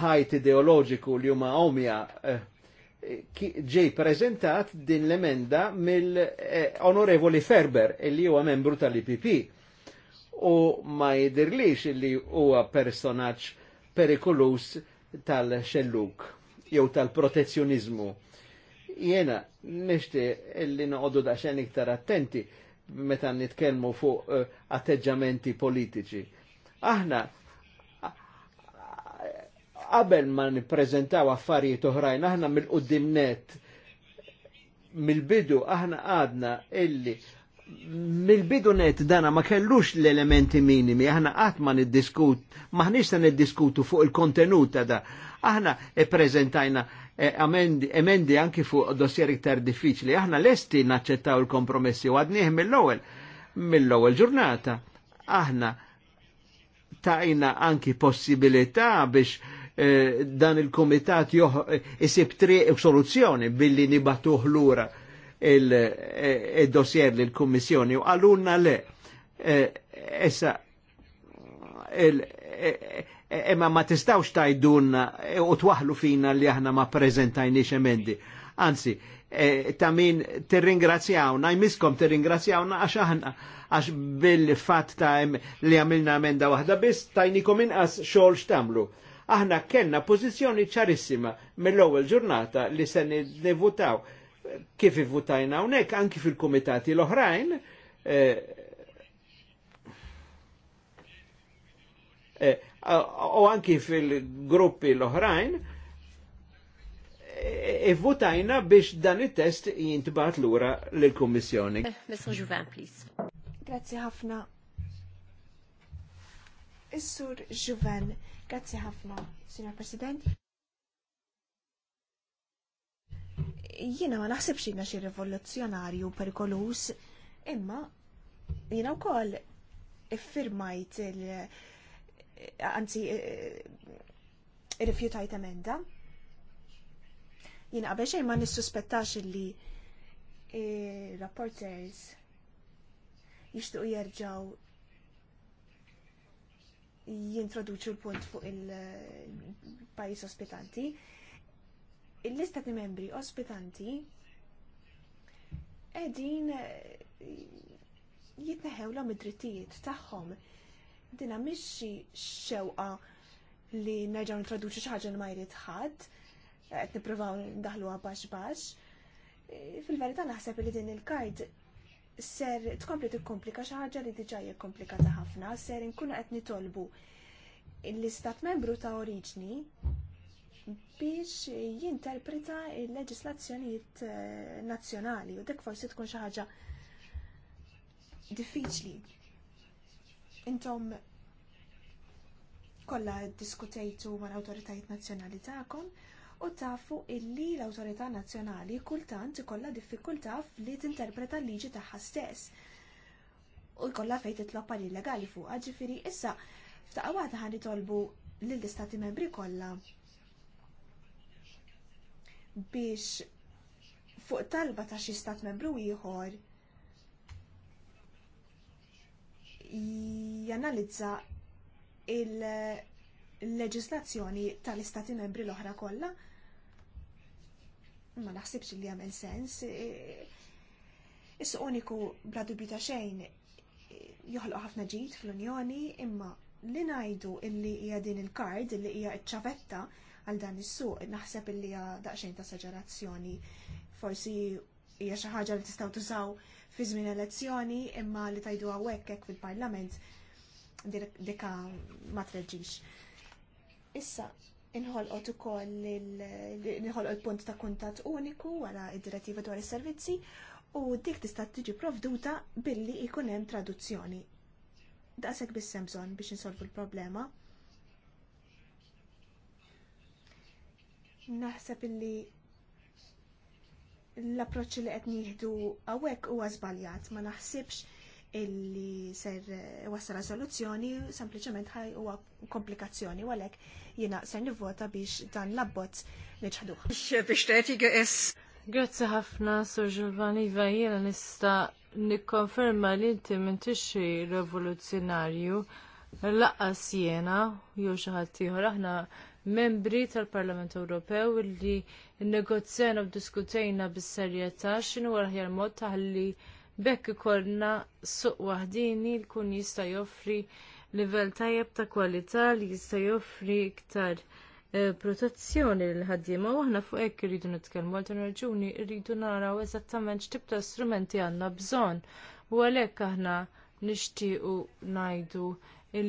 ħajt ideoloġiku li huma omja e, e, ġej prezentat din l-emenda mill-onorevoli e, Ferber, li huwa membru tal-IPP. U ma jidirlix li huwa personaġġ perikolus tal-xelluk jew tal-protezzjonizmu. Jena, nishti illi noqodu daċen iktar attenti meta nitkellmu fuq atteġġamenti politiċi. Aħna qabel ma nippreżentaw affarijiet oħrajn aħna mill-qudiem net mill-bidu aħna għadna illi mill-bidu net dana ma kellux l-elementi minimi, aħna qatt ma niddiskut, maħniex se niddiskutu fuq il-kontenut ta' da. Aħna e prezentajna emendi, eh, emendi anki fuq dossier iktar diffiċli, aħna lesti naċċettaw il-kompromessi u għadnieh mill-ewwel mill-ewwel ġurnata. Aħna tajna anki possibilità biex Eh, dan il-komitat eh, isib triq soluzzjoni billi nibatuh lura il-dossier il eh, l-Kommissjoni u għalunna le. Essa, imma ma tistawx tajdunna u twaħlu fina li aħna ma prezentajni emendi. Anzi, ta' min tirringrazzjawna, jmiskom tirringrazzjawna għax aħna għax bil-fat ta' li għamilna emenda wahda biss tajnikom inqas xogħol x'tamlu. Aħna kellna pozizjoni ċarissima mill-ewwel ġurnata li se nivvutaw kif ivvutajna hawnhekk anki fil-kumitati l-oħrajn u eh, eh, anki fil-gruppi l-oħrajn eh, votajna biex dan it-test jintbat lura lill-Kummissjoni. Mr. Juvan, please. Grazie ħafna. Is-sur Juven, Grazzi ħafna, Signor President. Jiena ma naħseb jiena xi rivoluzzjonarju kolus, imma u wkoll iffirmajt il- anzi eh, irrifjutajt emenda. Jien qabel xejn ma nissuspettax li rapporters jixtuq jerġgħu jintroduċu l-punt fuq il-pajis ospitanti. Il-lista ta' membri ospitanti edin eh, jitneħew l id-drittijiet tagħhom. Dina mixi xewqa li nerġaw nitraduċu xaħġa ħaġa li ma jrid ħadd, qed nippruvaw ndaħluha baxx baxx. Eh, fil-verità naħseb li din il kart ser tkompli tikkomplika xi ħaġa li diġà hija komplikata ħafna, ser inkunu qed nitolbu l-istat membru ta' oriġni biex jinterpreta l leġislazzjonijiet eh, nazzjonali u dik forsi tkun xi ħaġa diffiċli. Intom kollha ddiskutejtu mal-awtoritajiet nazzjonali tagħkom u tafu illi l-Awtorità Nazzjonali kultant ikollha diffikultà li tinterpreta l-liġi tagħha stess. U jkollha fejn titlob pari legali fuqha ġifieri issa f'taqgħa waħda ħan nitolbu lill-istati membri kollha biex fuq talba ta' xi stat membru ieħor janalizza il- il-leġislazzjoni tal-istati membri l-oħra kollha. Ma naħsibx li jagħmel sens. Issu uniku bla dubju ta' xejn joħloq ħafna ġid fl-Unjoni imma li ngħidu illi hija din il-kard illi hija ċ-ċavetta għal dan is-suq naħseb illi hija daqsxejn ta' saġerazzjoni. Forsi hija xi ħaġa li tistgħu tużaw fi żmien elezzjoni imma li tajdu hawnhekk hekk fil-Parlament dik ma treġġix. Issa, inħolqot ukoll inħolqot punt ta' kuntat uniku wara id-direttiva dwar is-servizzi u dik tista' tiġi provduta billi jkun hemm traduzzjoni. Daqshekk biss hemm bżonn biex insolvu l-problema. Naħseb illi l-approċċ li qed nieħdu hawnhekk huwa żbaljat, ma naħsibx illi ser wassala soluzzjoni sempliċement ħaj huwa komplikazzjoni u għalhekk jiena ser nivvota biex dan labbot neċħaduħ. Äh, biex Biex is. Grazzi ħafna Sur Giovanni iva, jiena nista' nikkonferma li inti m'intixxi rivoluzzjonarju laqqas jiena jew xi ħadd aħna membri tal-Parlament Ewropew li nnegozjana u diskutejna bis-serjetà x'inhu l-aħjar mod li bekk ikollna suq waħdini li kun jista' joffri livell tajjeb ta' kwalità li jista' joffri iktar eh, protezzjoni lil ħaddiema u aħna fuq hekk irridu nitkellmu għal din raġuni rridu naraw eżattament x'tip ta' strumenti għandna bżonn u għalhekk aħna nixtiequ ngħidu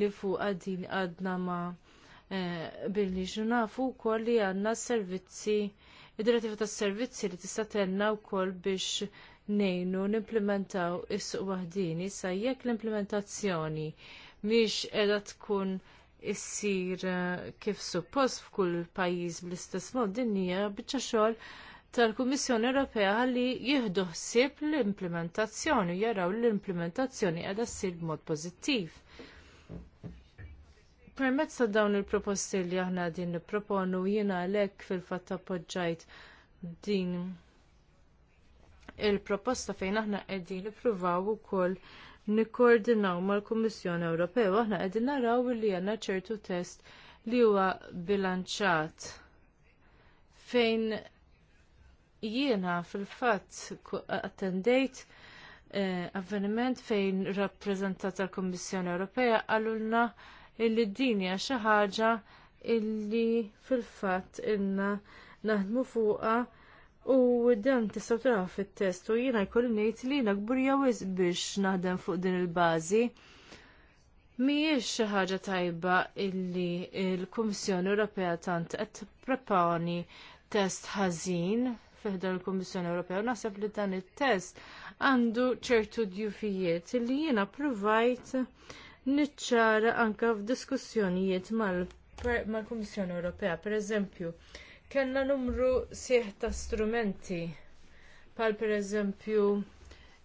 li fuq din għadna ma eh, billi nafu wkoll li għandna s servizzi id-direttiva tas-servizzi li tista' tenna wkoll biex ngħinu nimplementaw is-suq waħdini sa jekk l-implementazzjoni mhix qiegħda tkun issir eh, kif suppost f'kull pajjiż bl-istess mod din hija biċċa xogħol tal-Kummissjoni Ewropea ħalli jieħdu ħsieb l-implementazzjoni u jaraw li l-implementazzjoni qiegħda ssir b'mod pożittiv. Permezz ta' dawn il-proposti li aħna din nipproponu jiena għalhekk fil-fatt appoġġajt din il-proposta fejn aħna qegħdin nippruvaw ukoll nikkoordinaw mal-Kummissjoni Ewropea aħna qegħdin naraw li għandna ċertu test li huwa bilanċat fejn jiena fil-fatt attendejt eh, avveniment fejn rappreżentat tal-Kummissjoni Ewropea għalulna illi din hija xi ħaġa illi fil-fatt inna naħdmu fuqha U dan tistgħu tara fit-test u jiena jkollu ngħid li nakbur jawis biex naħdem fuq din il-bażi. Mhijiex xi ħaġa tajba illi l-Kummissjoni Ewropea tant qed preponi test ħażin fiħdan il-Kummissjoni Ewropea u naħseb li dan it-test għandu ċertu djufijiet li jiena provajt niċċara anke f'diskussjonijiet mal-Kummissjoni Ewropea, pereżempju kellna numru sieħ ta' strumenti bħal pereżempju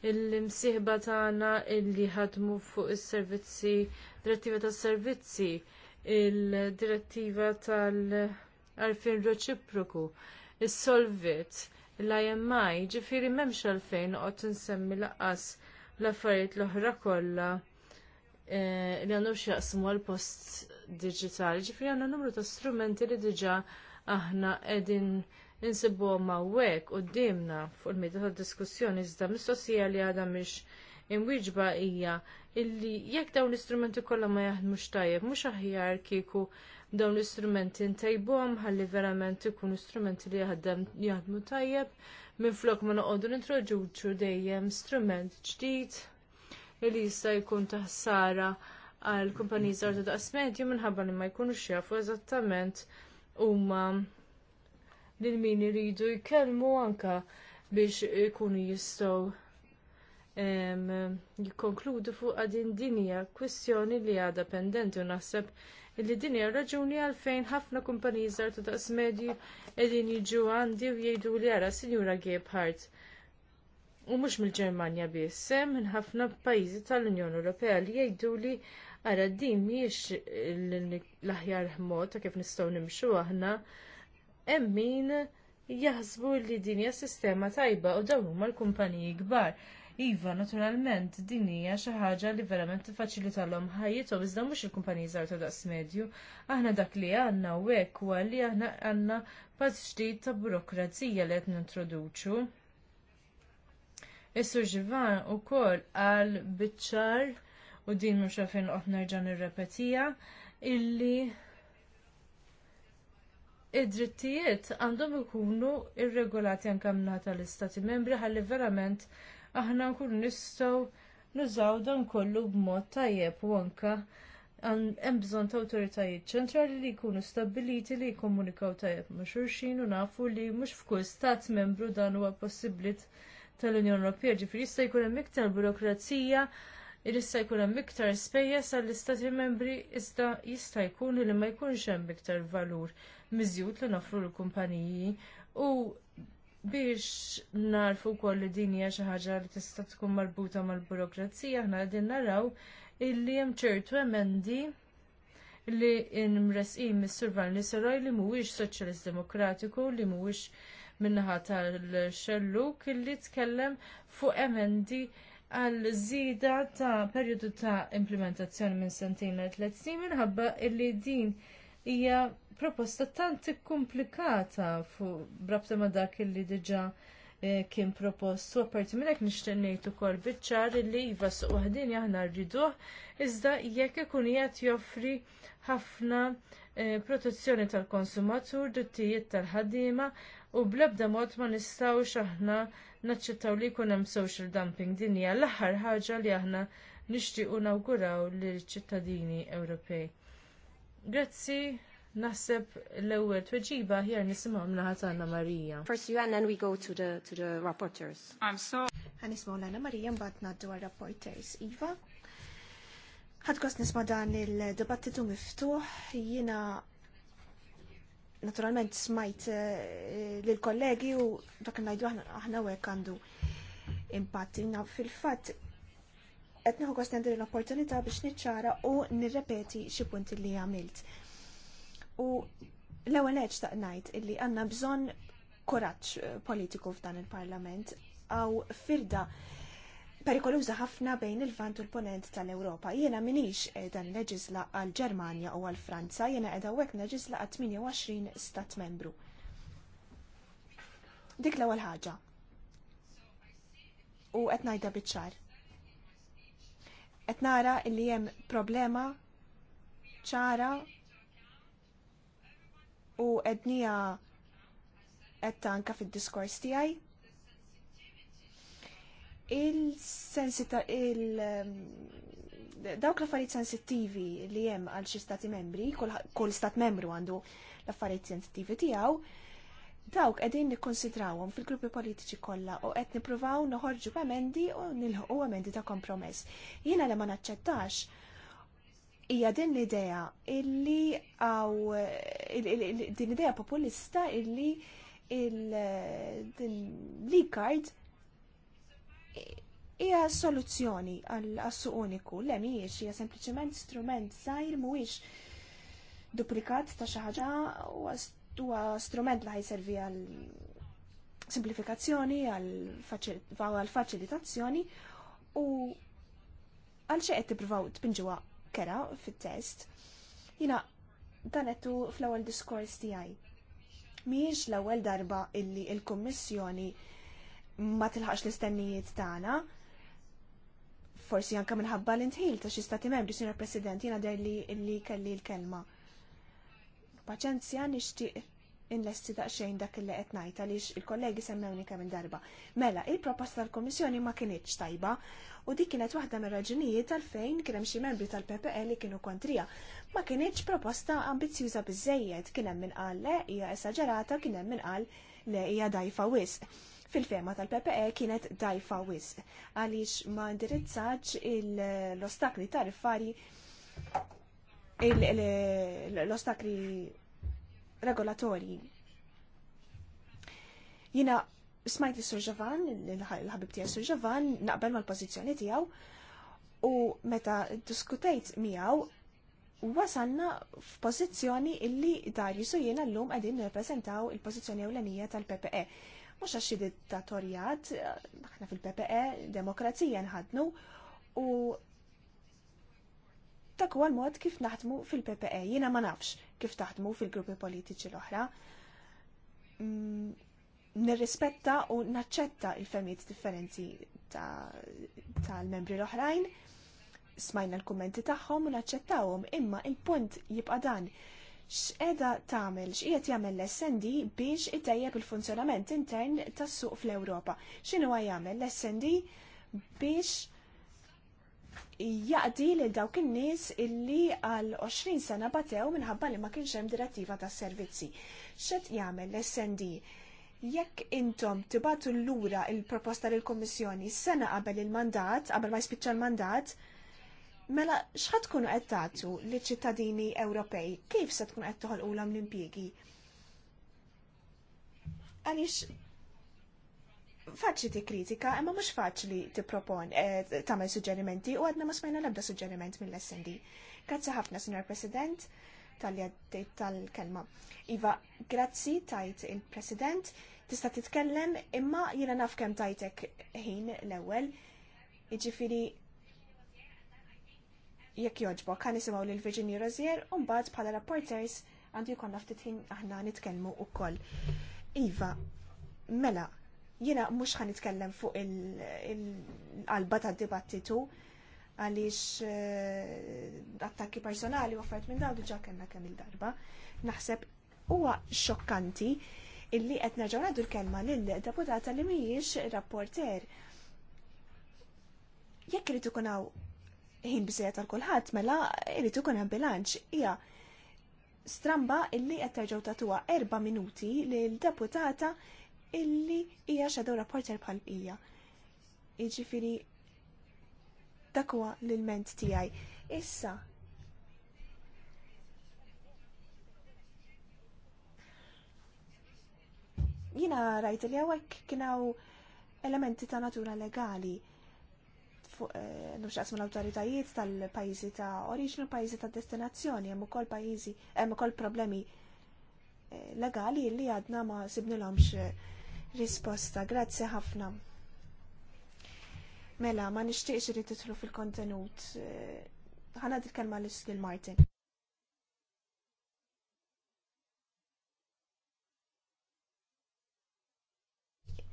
il imsieħba tagħna illi ħadmu fuq is-servizzi, direttiva tas-servizzi, il-direttiva tal-arfin reċiproku, is-solvit, l-IMI, ġifieri m'hemmx għalfejn qed insemmi laqqas l-affarijiet l-oħra kollha eh, li għandhom x'jaqsmu għal post diġitali. ġifieri għandna numru ta' strumenti li diġà aħna qegħdin insibu hawnhekk dimna fuq il mida ta' diskussjoni iżda mistoqsija li għadha mhix imwieġba hija illi jekk dawn l-istrumenti kollha ma jaħdmux tajjeb mhux aħjar kieku dawn l-istrumenti ntejbuhom ħalli verament ikunu strumenti li jaħdmu tajjeb minflok ma noqogħdu nintroduċu dejjem strument ġdid li jista' jkun taħsara għal kumpaniji żgħar ta' daqs medju minħabba li ma jkunux jafu eżattament huma lil min iridu jkellmu anke biex ikunu jistgħu jikonkludu fuq għadin din hija kwistjoni li għadha pendenti u naħseb li din hija raġuni għalfejn ħafna kumpaniji zartu taqs daqs medju qegħdin jiġu għandi u jgħidu li ara Sinjura Gebhardt. U mhux mill-Ġermanja biss, hemm ħafna pajjiżi tal-Unjoni Ewropea li jgħidu li Ara din miex l-aħjar mod ta' kif nistgħu nimxu aħna, hemm min jaħsbu li din hija sistema tajba u daw huma l-kumpaniji kbar. Iva, naturalment, din hija xi ħaġa li verament tiffaċilitalhom ħajjithom iżda mhux il-kumpaniji żgħar ta' daqs medju. Aħna dak li għandna u hekk huwa li aħna għandna pass ġdid ta' burokrazija li qed nintroduċu. Is-Sur Ġivan ukoll għal biċċar u din mhux għalfejn qed nerġa' nirrepetija illi id-drittijiet għandhom ikunu irregolati anke mingħata tal istati membri ħalli verament aħna nkunu nistgħu nużaw dan kollu b'mod tajjeb u anke hemm bżonn ta' awtoritajiet ċentrali li jkunu stabbiliti li jikkomunikaw tajjeb ma' xulxin u nafu li mhux f'kull stat membru dan huwa possibbli tal-Unjoni Ewropea ġifieri jista' jkun hemm iktar burokrazija irissa jkun hemm iktar spejjeż għall-istati membri iżda jista' jkun li ma jkunx hemm iktar valur miżjud li nofru l-kumpaniji u biex narfu wkoll li din hija xi ħaġa li tista' tkun marbuta mal-burokrazija aħna qegħdin naraw illi hemm ċertu emendi li nmresqin mis-survan li soroj li mhuwiex soċjalist demokratiku li mhuwiex min-naħa tal-xelluk li tkellem fuq emendi għal żieda ta' perjodu ta' implementazzjoni minn sentejn għal tliet snin minħabba li din hija proposta tant ikkumplikata fuq brabta ma' dak li diġà eh, kien propost. U apparti minn hekk nixtieq ngħid ukoll biċ-ċar li iva suq waħdin aħna rriduh iżda jekk ikun qed joffri ħafna eh, protezzjoni tal-konsumatur, drittijiet tal-ħaddiema, u bl-ebda mod ma nistgħux aħna naċċettaw li jkun hemm social dumping dinja l-aħħar ħaġa li aħna nixtiequ nawguraw lil ċittadini Ewropej. Grazzi, naħseb l-ewwel tweġiba ħjar nisimgħu mnaħat Anna Marija. First you and then we go to the to the rapporteurs. I'm so Ħanismaw l-Anna Marija mbagħad ngħaddu għar-rapporters. Iva, ħadkost nisma' dan il-dibattitu miftuħ, jiena Naturalment smajt eh, lil kollegi u dak ngħidu aħna u hekk għandu impatt. Fil-fatt qed nieħu kost l-opportunità biex niċċara u nirrepeti xi punti li għamilt. U l-ewwel eċ ta' ngħid illi għandna bżonn koraġġ eh, politiku f'dan il-Parlament għaw firda perikoluża ħafna bejn il-vant u l-ponent tal-Ewropa. Jiena minix qiegħda leġisla għal Ġermanja u għal Franza, jiena qiegħda hekk nleġisla għal 28 stat membru. Dik l-ewwel ħaġa. U qed ngħidha biċ-ċar. Qed nara li problema ċara u qednija qed tanka fid-diskors tiegħi il-sensita il- um, dawk l-affarijiet sensittivi li hemm għal xi stati membri, kull stat membru għandu l-affarijiet sensittivi tiegħu, dawk qegħdin nikkonsidrawhom fil-gruppi politiċi kollha u qed nippruvaw noħorġu b'emendi u nilħu emendi ta' kompromess. Jiena li ma naċċettax hija din l-idea illi għaw din l-idea populista illi il l-card hija soluzzjoni għall-assu uniku, le mhijiex hija sempliċement strument sajr mhuwiex duplikat ta' xi ħaġa huwa strument li ħajservi għal simplifikazzjoni, għal faċilitazzjoni u għal qed tippruvaw tpinġuha kera fit-test. Jina dan qedtu fl-ewwel diskors tiegħi. Mhijiex l-ewwel darba illi l-Kummissjoni il ma tilħax l-istennijiet tagħna. Forsi anke minħabba l-intħil ta' xi stati membri, Sinjor President, jiena der li kelli l-kelma. Paċenzja nixtieq inlesti daqsxejn dak li qed ngħid għaliex il-kollegi semmewni kemm darba. Mela, il-proposta tal-Kummissjoni ma kienitx tajba u dik kienet waħda mir-raġunijiet għalfejn kien hemm xi membri tal ppl e li kienu kontrija. Ma kienitx proposta ambizzjuża biżejjed, kien hemm min qal le hija esaġerata, kien hemm min qal le hija dajfa wisq fil-fema tal-PPE kienet dajfa wisq għaliex ma indirizzaġġ l-ostakli tariffari l-ostakli regolatorji. Jina smajt li Sur Ġavan, l-ħabib tijaj Sur Ġavan, naqbel mal-pozizjoni tijaw, u meta diskutajt miegħu wasanna f'pożizzjoni illi Darius u jiena llum qegħdin nirrepreżentaw il-pożizzjoni ewlenija tal-PPE mhux għax xi dittatorjat, aħna fil-PPE demokrazija nħadnu u dak huwa l-mod kif naħdmu fil-PPE. Jiena ma nafx kif taħdmu fil-gruppi politiċi l-oħra. Mm, nirrispetta u naċċetta il-femijiet differenti tal-membri l-oħrajn, smajna l-kummenti tagħhom u naċċettawhom, imma il-punt jibqa' dan x'qeda tagħmel, x'qiegħed jagħmel l-SND biex itejjeb il-funzjonament intern tas-suq fl-Ewropa. X'inhu jagħmel l-SND biex jaqdi lil dawk in-nies illi għal 20 sena batew minħabba li ma kienx hemm direttiva tas-servizzi. X'qed jagħmel l-SND jekk intom tibatu l-lura il-proposta lill kummissjoni sena qabel il-mandat, qabel ma jispiċċa l-mandat, il mandat Mela, xħat tkunu qed tagħtu liċ ċittadini Ewropej? Kif se tkun qed toħolqulhom l-impjiegi? Għaliex faċli tikkritika, imma mhux faċli tippropon eh, tagħmel suġġerimenti u għadna ma smajna l-ebda suġġeriment mill-SND. Grazzi ħafna, Sinjor President tal-li tal-kelma. Iva, grazzi tajt il-President, tista titkellem imma jiena naf kemm tajtek ħin l ewwel Jiġifieri jekk joġbo, kan li l virginia Rozier u mbagħad bħala rapporters għandu jkollna ftit ħin aħna nitkellmu wkoll. Iva, mela, jiena mhux ħan nitkellem fuq il-qalba il qalba ta' tad dibattitu għaliex eh, attakki personali u minn daw diġà kellna kemm il-darba. Naħseb huwa xokkanti illi qed nerġgħu ngħidu l-kelma lill-deputata li mhijiex rapporter. Jekk irid ikun hawn ħin biżejjed għal kulħadd mela irid ikun hemm bilanċ hija stramba illi qed terġgħu tatuha erba' minuti lil deputata illi hija xadow rapporter bħal hija. Jiġifieri dak huwa l-ilment tiegħi. Issa Jina rajt li hawnhekk kien elementi ta' natura legali fuq eh, nuxqas mal awtoritajiet tal-pajjiżi ta' oriġinu, pajjiżi ta' destinazzjoni, hemm ukoll pajjiżi hemm ukoll problemi eh, legali li għadna ma sibnilhomx eh, risposta. Grazzi ħafna. Mela, ma nixtieqx irid titlu fil-kontenut. Ħana kelma l-Martin.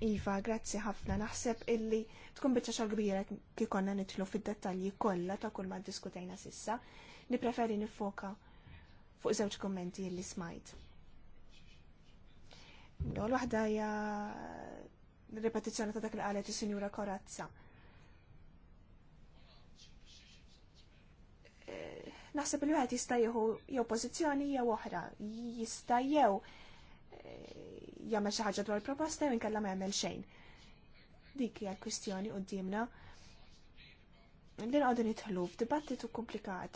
Iva, grazzi ħafna. Naħseb illi tkun biċċa xogħol kbira kikonna nitlu fid-dettalji kollha ta' kull ma ddiskutejna sissa. Nippreferi nifoka fuq żewġ kummenti li smajt. L-ewwel waħda hija ripetizzjoni ta' dak li qalet is-Sinjura Korazza. Eh, naħseb li wieħed jista' jieħu jew pożizzjoni jew oħra, jista' jew Eh, jagħmel xi ħaġa dwar proposta jew inkella ma jagħmel xejn. Dik hija l-kwistjoni qudiemna. Li nqogħdu nidħlu f'dibattitu komplikat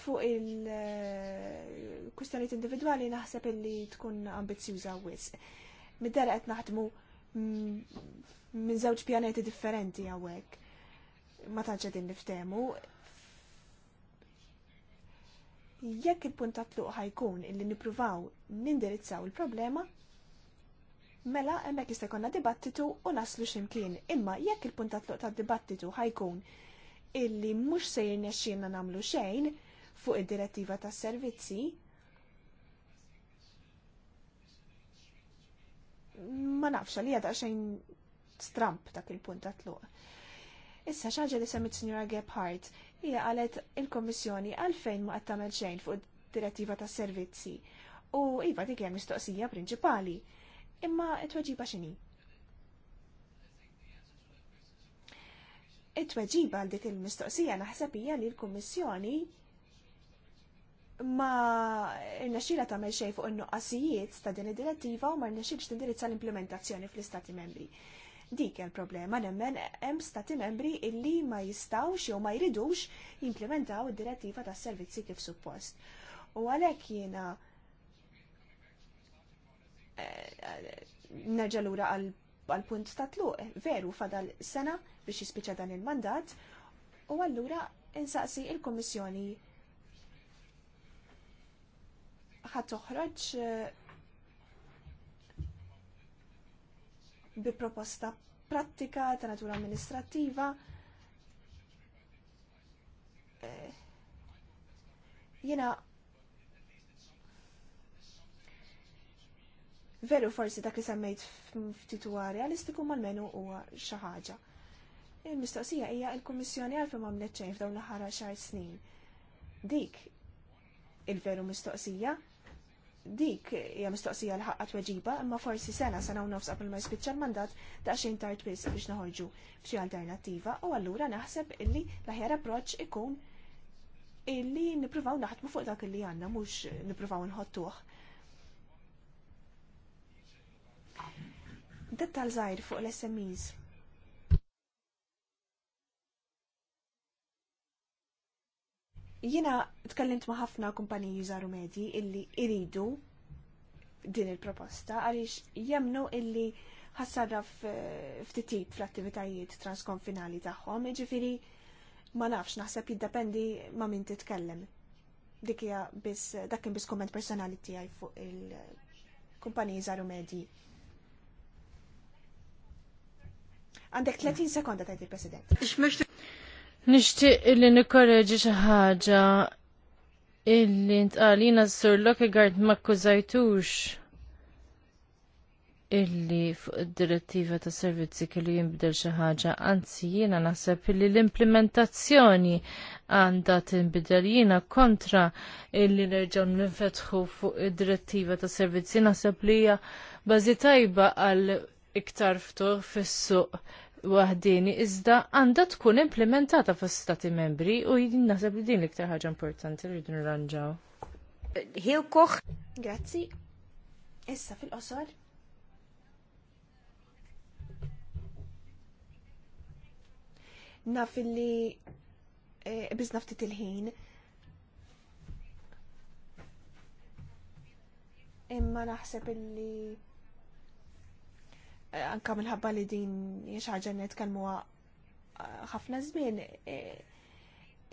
fuq il-kwistjonijiet individwali naħseb illi tkun ambizzjuża wisq. Mid-dara qed naħdmu minn żewġ pjaneti differenti hawnhekk. Ma tantx qegħdin niftehmu, Jekk il-punt tluq ħajkun illi nipruvaw nindirizzaw il-problema, mela hemmhekk jista' dibattitu u naslu x'imkien. Imma jekk il-punt tluq ta' dibattitu ħajkun illi mhux se jirnexxielna nagħmlu xejn fuq id-direttiva tas-servizzi, ma nafx li għadha xejn stramp dak il-punt tluq. Issa xaġa li semmit Signora Gebhardt hija qalet il-Kommissjoni għalfejn ma qed tagħmel xejn fuq direttiva tas servizzi. U iva dik hemm mistoqsija prinċipali. Imma it-tweġiba x'inhi? It-tweġiba għal dik il-mistoqsija naħseb hija li l-Kummissjoni ma rnexxila tagħmel xejn fuq in-nuqqasijiet ta' din id-direttiva u ma rnexxilx tindirizza l-implementazzjoni fl-Istati membri. Dik il problema nemmen hemm stati membri illi ma jistawx jew ma jridux jimplementaw id-direttiva tas-servizzi kif suppost. U għalhekk jiena eh, nerġa' lura għal punt ta' tluq, veru fadal sena biex jispiċċa dan il-mandat u allura insaqsi il-Kommissjoni ħat toħroġ eh, bi proposta pratika ta' natura amministrattiva. Eh, jena veru forsi dak li semmejt f'titwari għalistiku mal-menu huwa xi ħaġa. Il-mistoqsija hija l-Kummissjoni għalfejn għamlet xejn f'dawn l-aħħar xar snin. Dik il-veru mistoqsija dik hija mistoqsija l ħaqqa tweġiba, imma forsi sena sena u nofs qabel ma jispiċċa l-mandat ta' xejn tard biss biex naħorġu f'xi alternattiva u allura naħseb illi l-aħjar approċċ ikun illi nippruvaw naħdmu fuq dak illi għandna mhux nippruvaw nħottuh. Dettal żgħir fuq l-SMEs. Jina tkellimt ma' ħafna kumpaniji żaru medji illi iridu din il-proposta għaliex jemnu illi ħassarraf ftitib fl-attivitajiet transkonfinali tagħhom, jiġifieri ma nafx naħseb jiddependi ma' min titkellem. Dik hija biss dak biss komment personali tiegħi fuq il-kumpaniji żaru medji. Għandek 30 sekonda tajt il-President. Nixtieq illi nikorreġi xi ħaġa illi ntqalina s-sur Lockhart ma kkużajtux illi fuq id-direttiva ta' servizzi kellu jinbidel xi ħaġa, anzi jiena naħseb illi l-implementazzjoni għandha tinbidel jiena kontra illi nerġgħu ninfetħu fuq id-direttiva ta' servizzi naħseb li hija bażi tajba għal iktar ftuħ fis-suq waħdini iżda għandha tkun implementata fis-stati membri u naħseb li din l-iktar ħaġa importanti li rridu nirranġaw. Hiel Grazzi. Issa fil-qosor. Naf li eh, biz ftit il-ħin. Imma naħseb illi Eh, anka minħabba li din xaġa netkellmu eh, ħafna żmien, eh,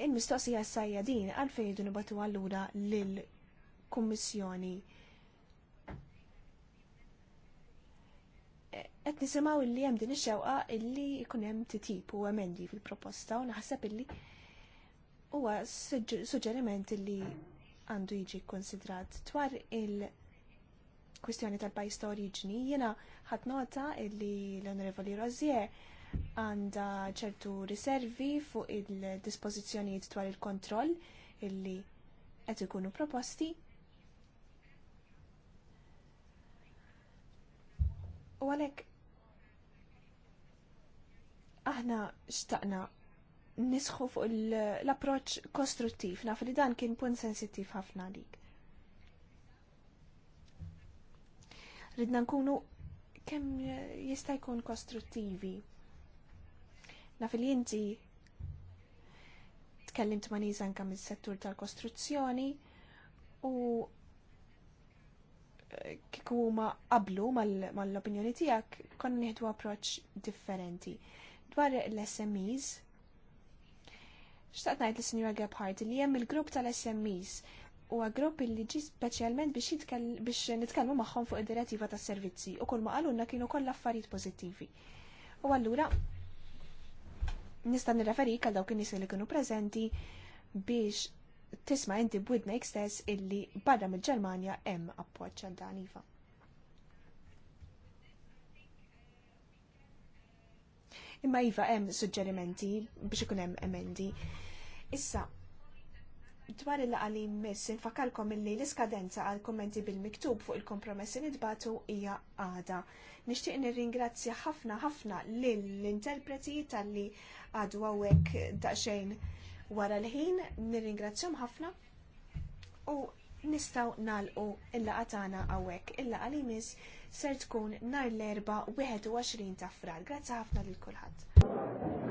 il-mistoqsija s-sajja din għalfejn jidu nibatu għallura lill-Kummissjoni. Qed nisimgħu li hemm din ix-xewqa illi jkun hemm titip u emendi fil-proposta u naħseb illi huwa suġġeriment illi għandu jiġi konsidrat dwar il- kwistjoni tal-pajis ta' oriġni, jena ħat nota illi l-Onorevoli Rozier għanda ċertu riservi fuq il dispożizzjonijiet dwar il-kontroll illi qed ikunu proposti. U għalhekk aħna xtaqna nisħu fuq l-approċ kostruttiv, naf li dan kien punt sensittiv ħafna dik. Ridna nkunu kemm jista' jkun kostruttivi. Naf li inti tkellimt ma' nisa anke mis-settur tal-kostruzzjoni u eh, kieku ma qablu mal-opinjoni mal tiegħek konna nieħdu approċċ differenti. Dwar l-SMEs, xtaqt ngħid lis sinjora Gebhardt li hemm il-grupp tal-SMEs u għagrupp li ġi speċjalment biex nitkellmu magħhom fuq id-direttiva tas servizzi u kull ma kienu kollha affarijiet pożittivi. U allura nista' nirreferik għal dawk in-nies li kienu preżenti biex tisma' inti b'widnejk stess illi barra mill-Ġermanja hemm appoġġ għal dan iva. Imma iva hemm suġġerimenti biex ikun hemm emendi. Issa, Dwar il-laqa li jmiss infakalkom illi l-iskadenza għal kommenti bil-miktub fuq il-kompromessi li tbatu hija għada. Nixtieq nirringrazzja ħafna ħafna lill-interpreti tal-li għadu għawek daqsxejn wara l-ħin, nirringrazzjahom ħafna u nistaw nalqu il laqgħa tagħna għawek. il laqgħa li jmiss ser tkun nar l-erba' 21 ta' frar. Grazzi ħafna lil kulħadd.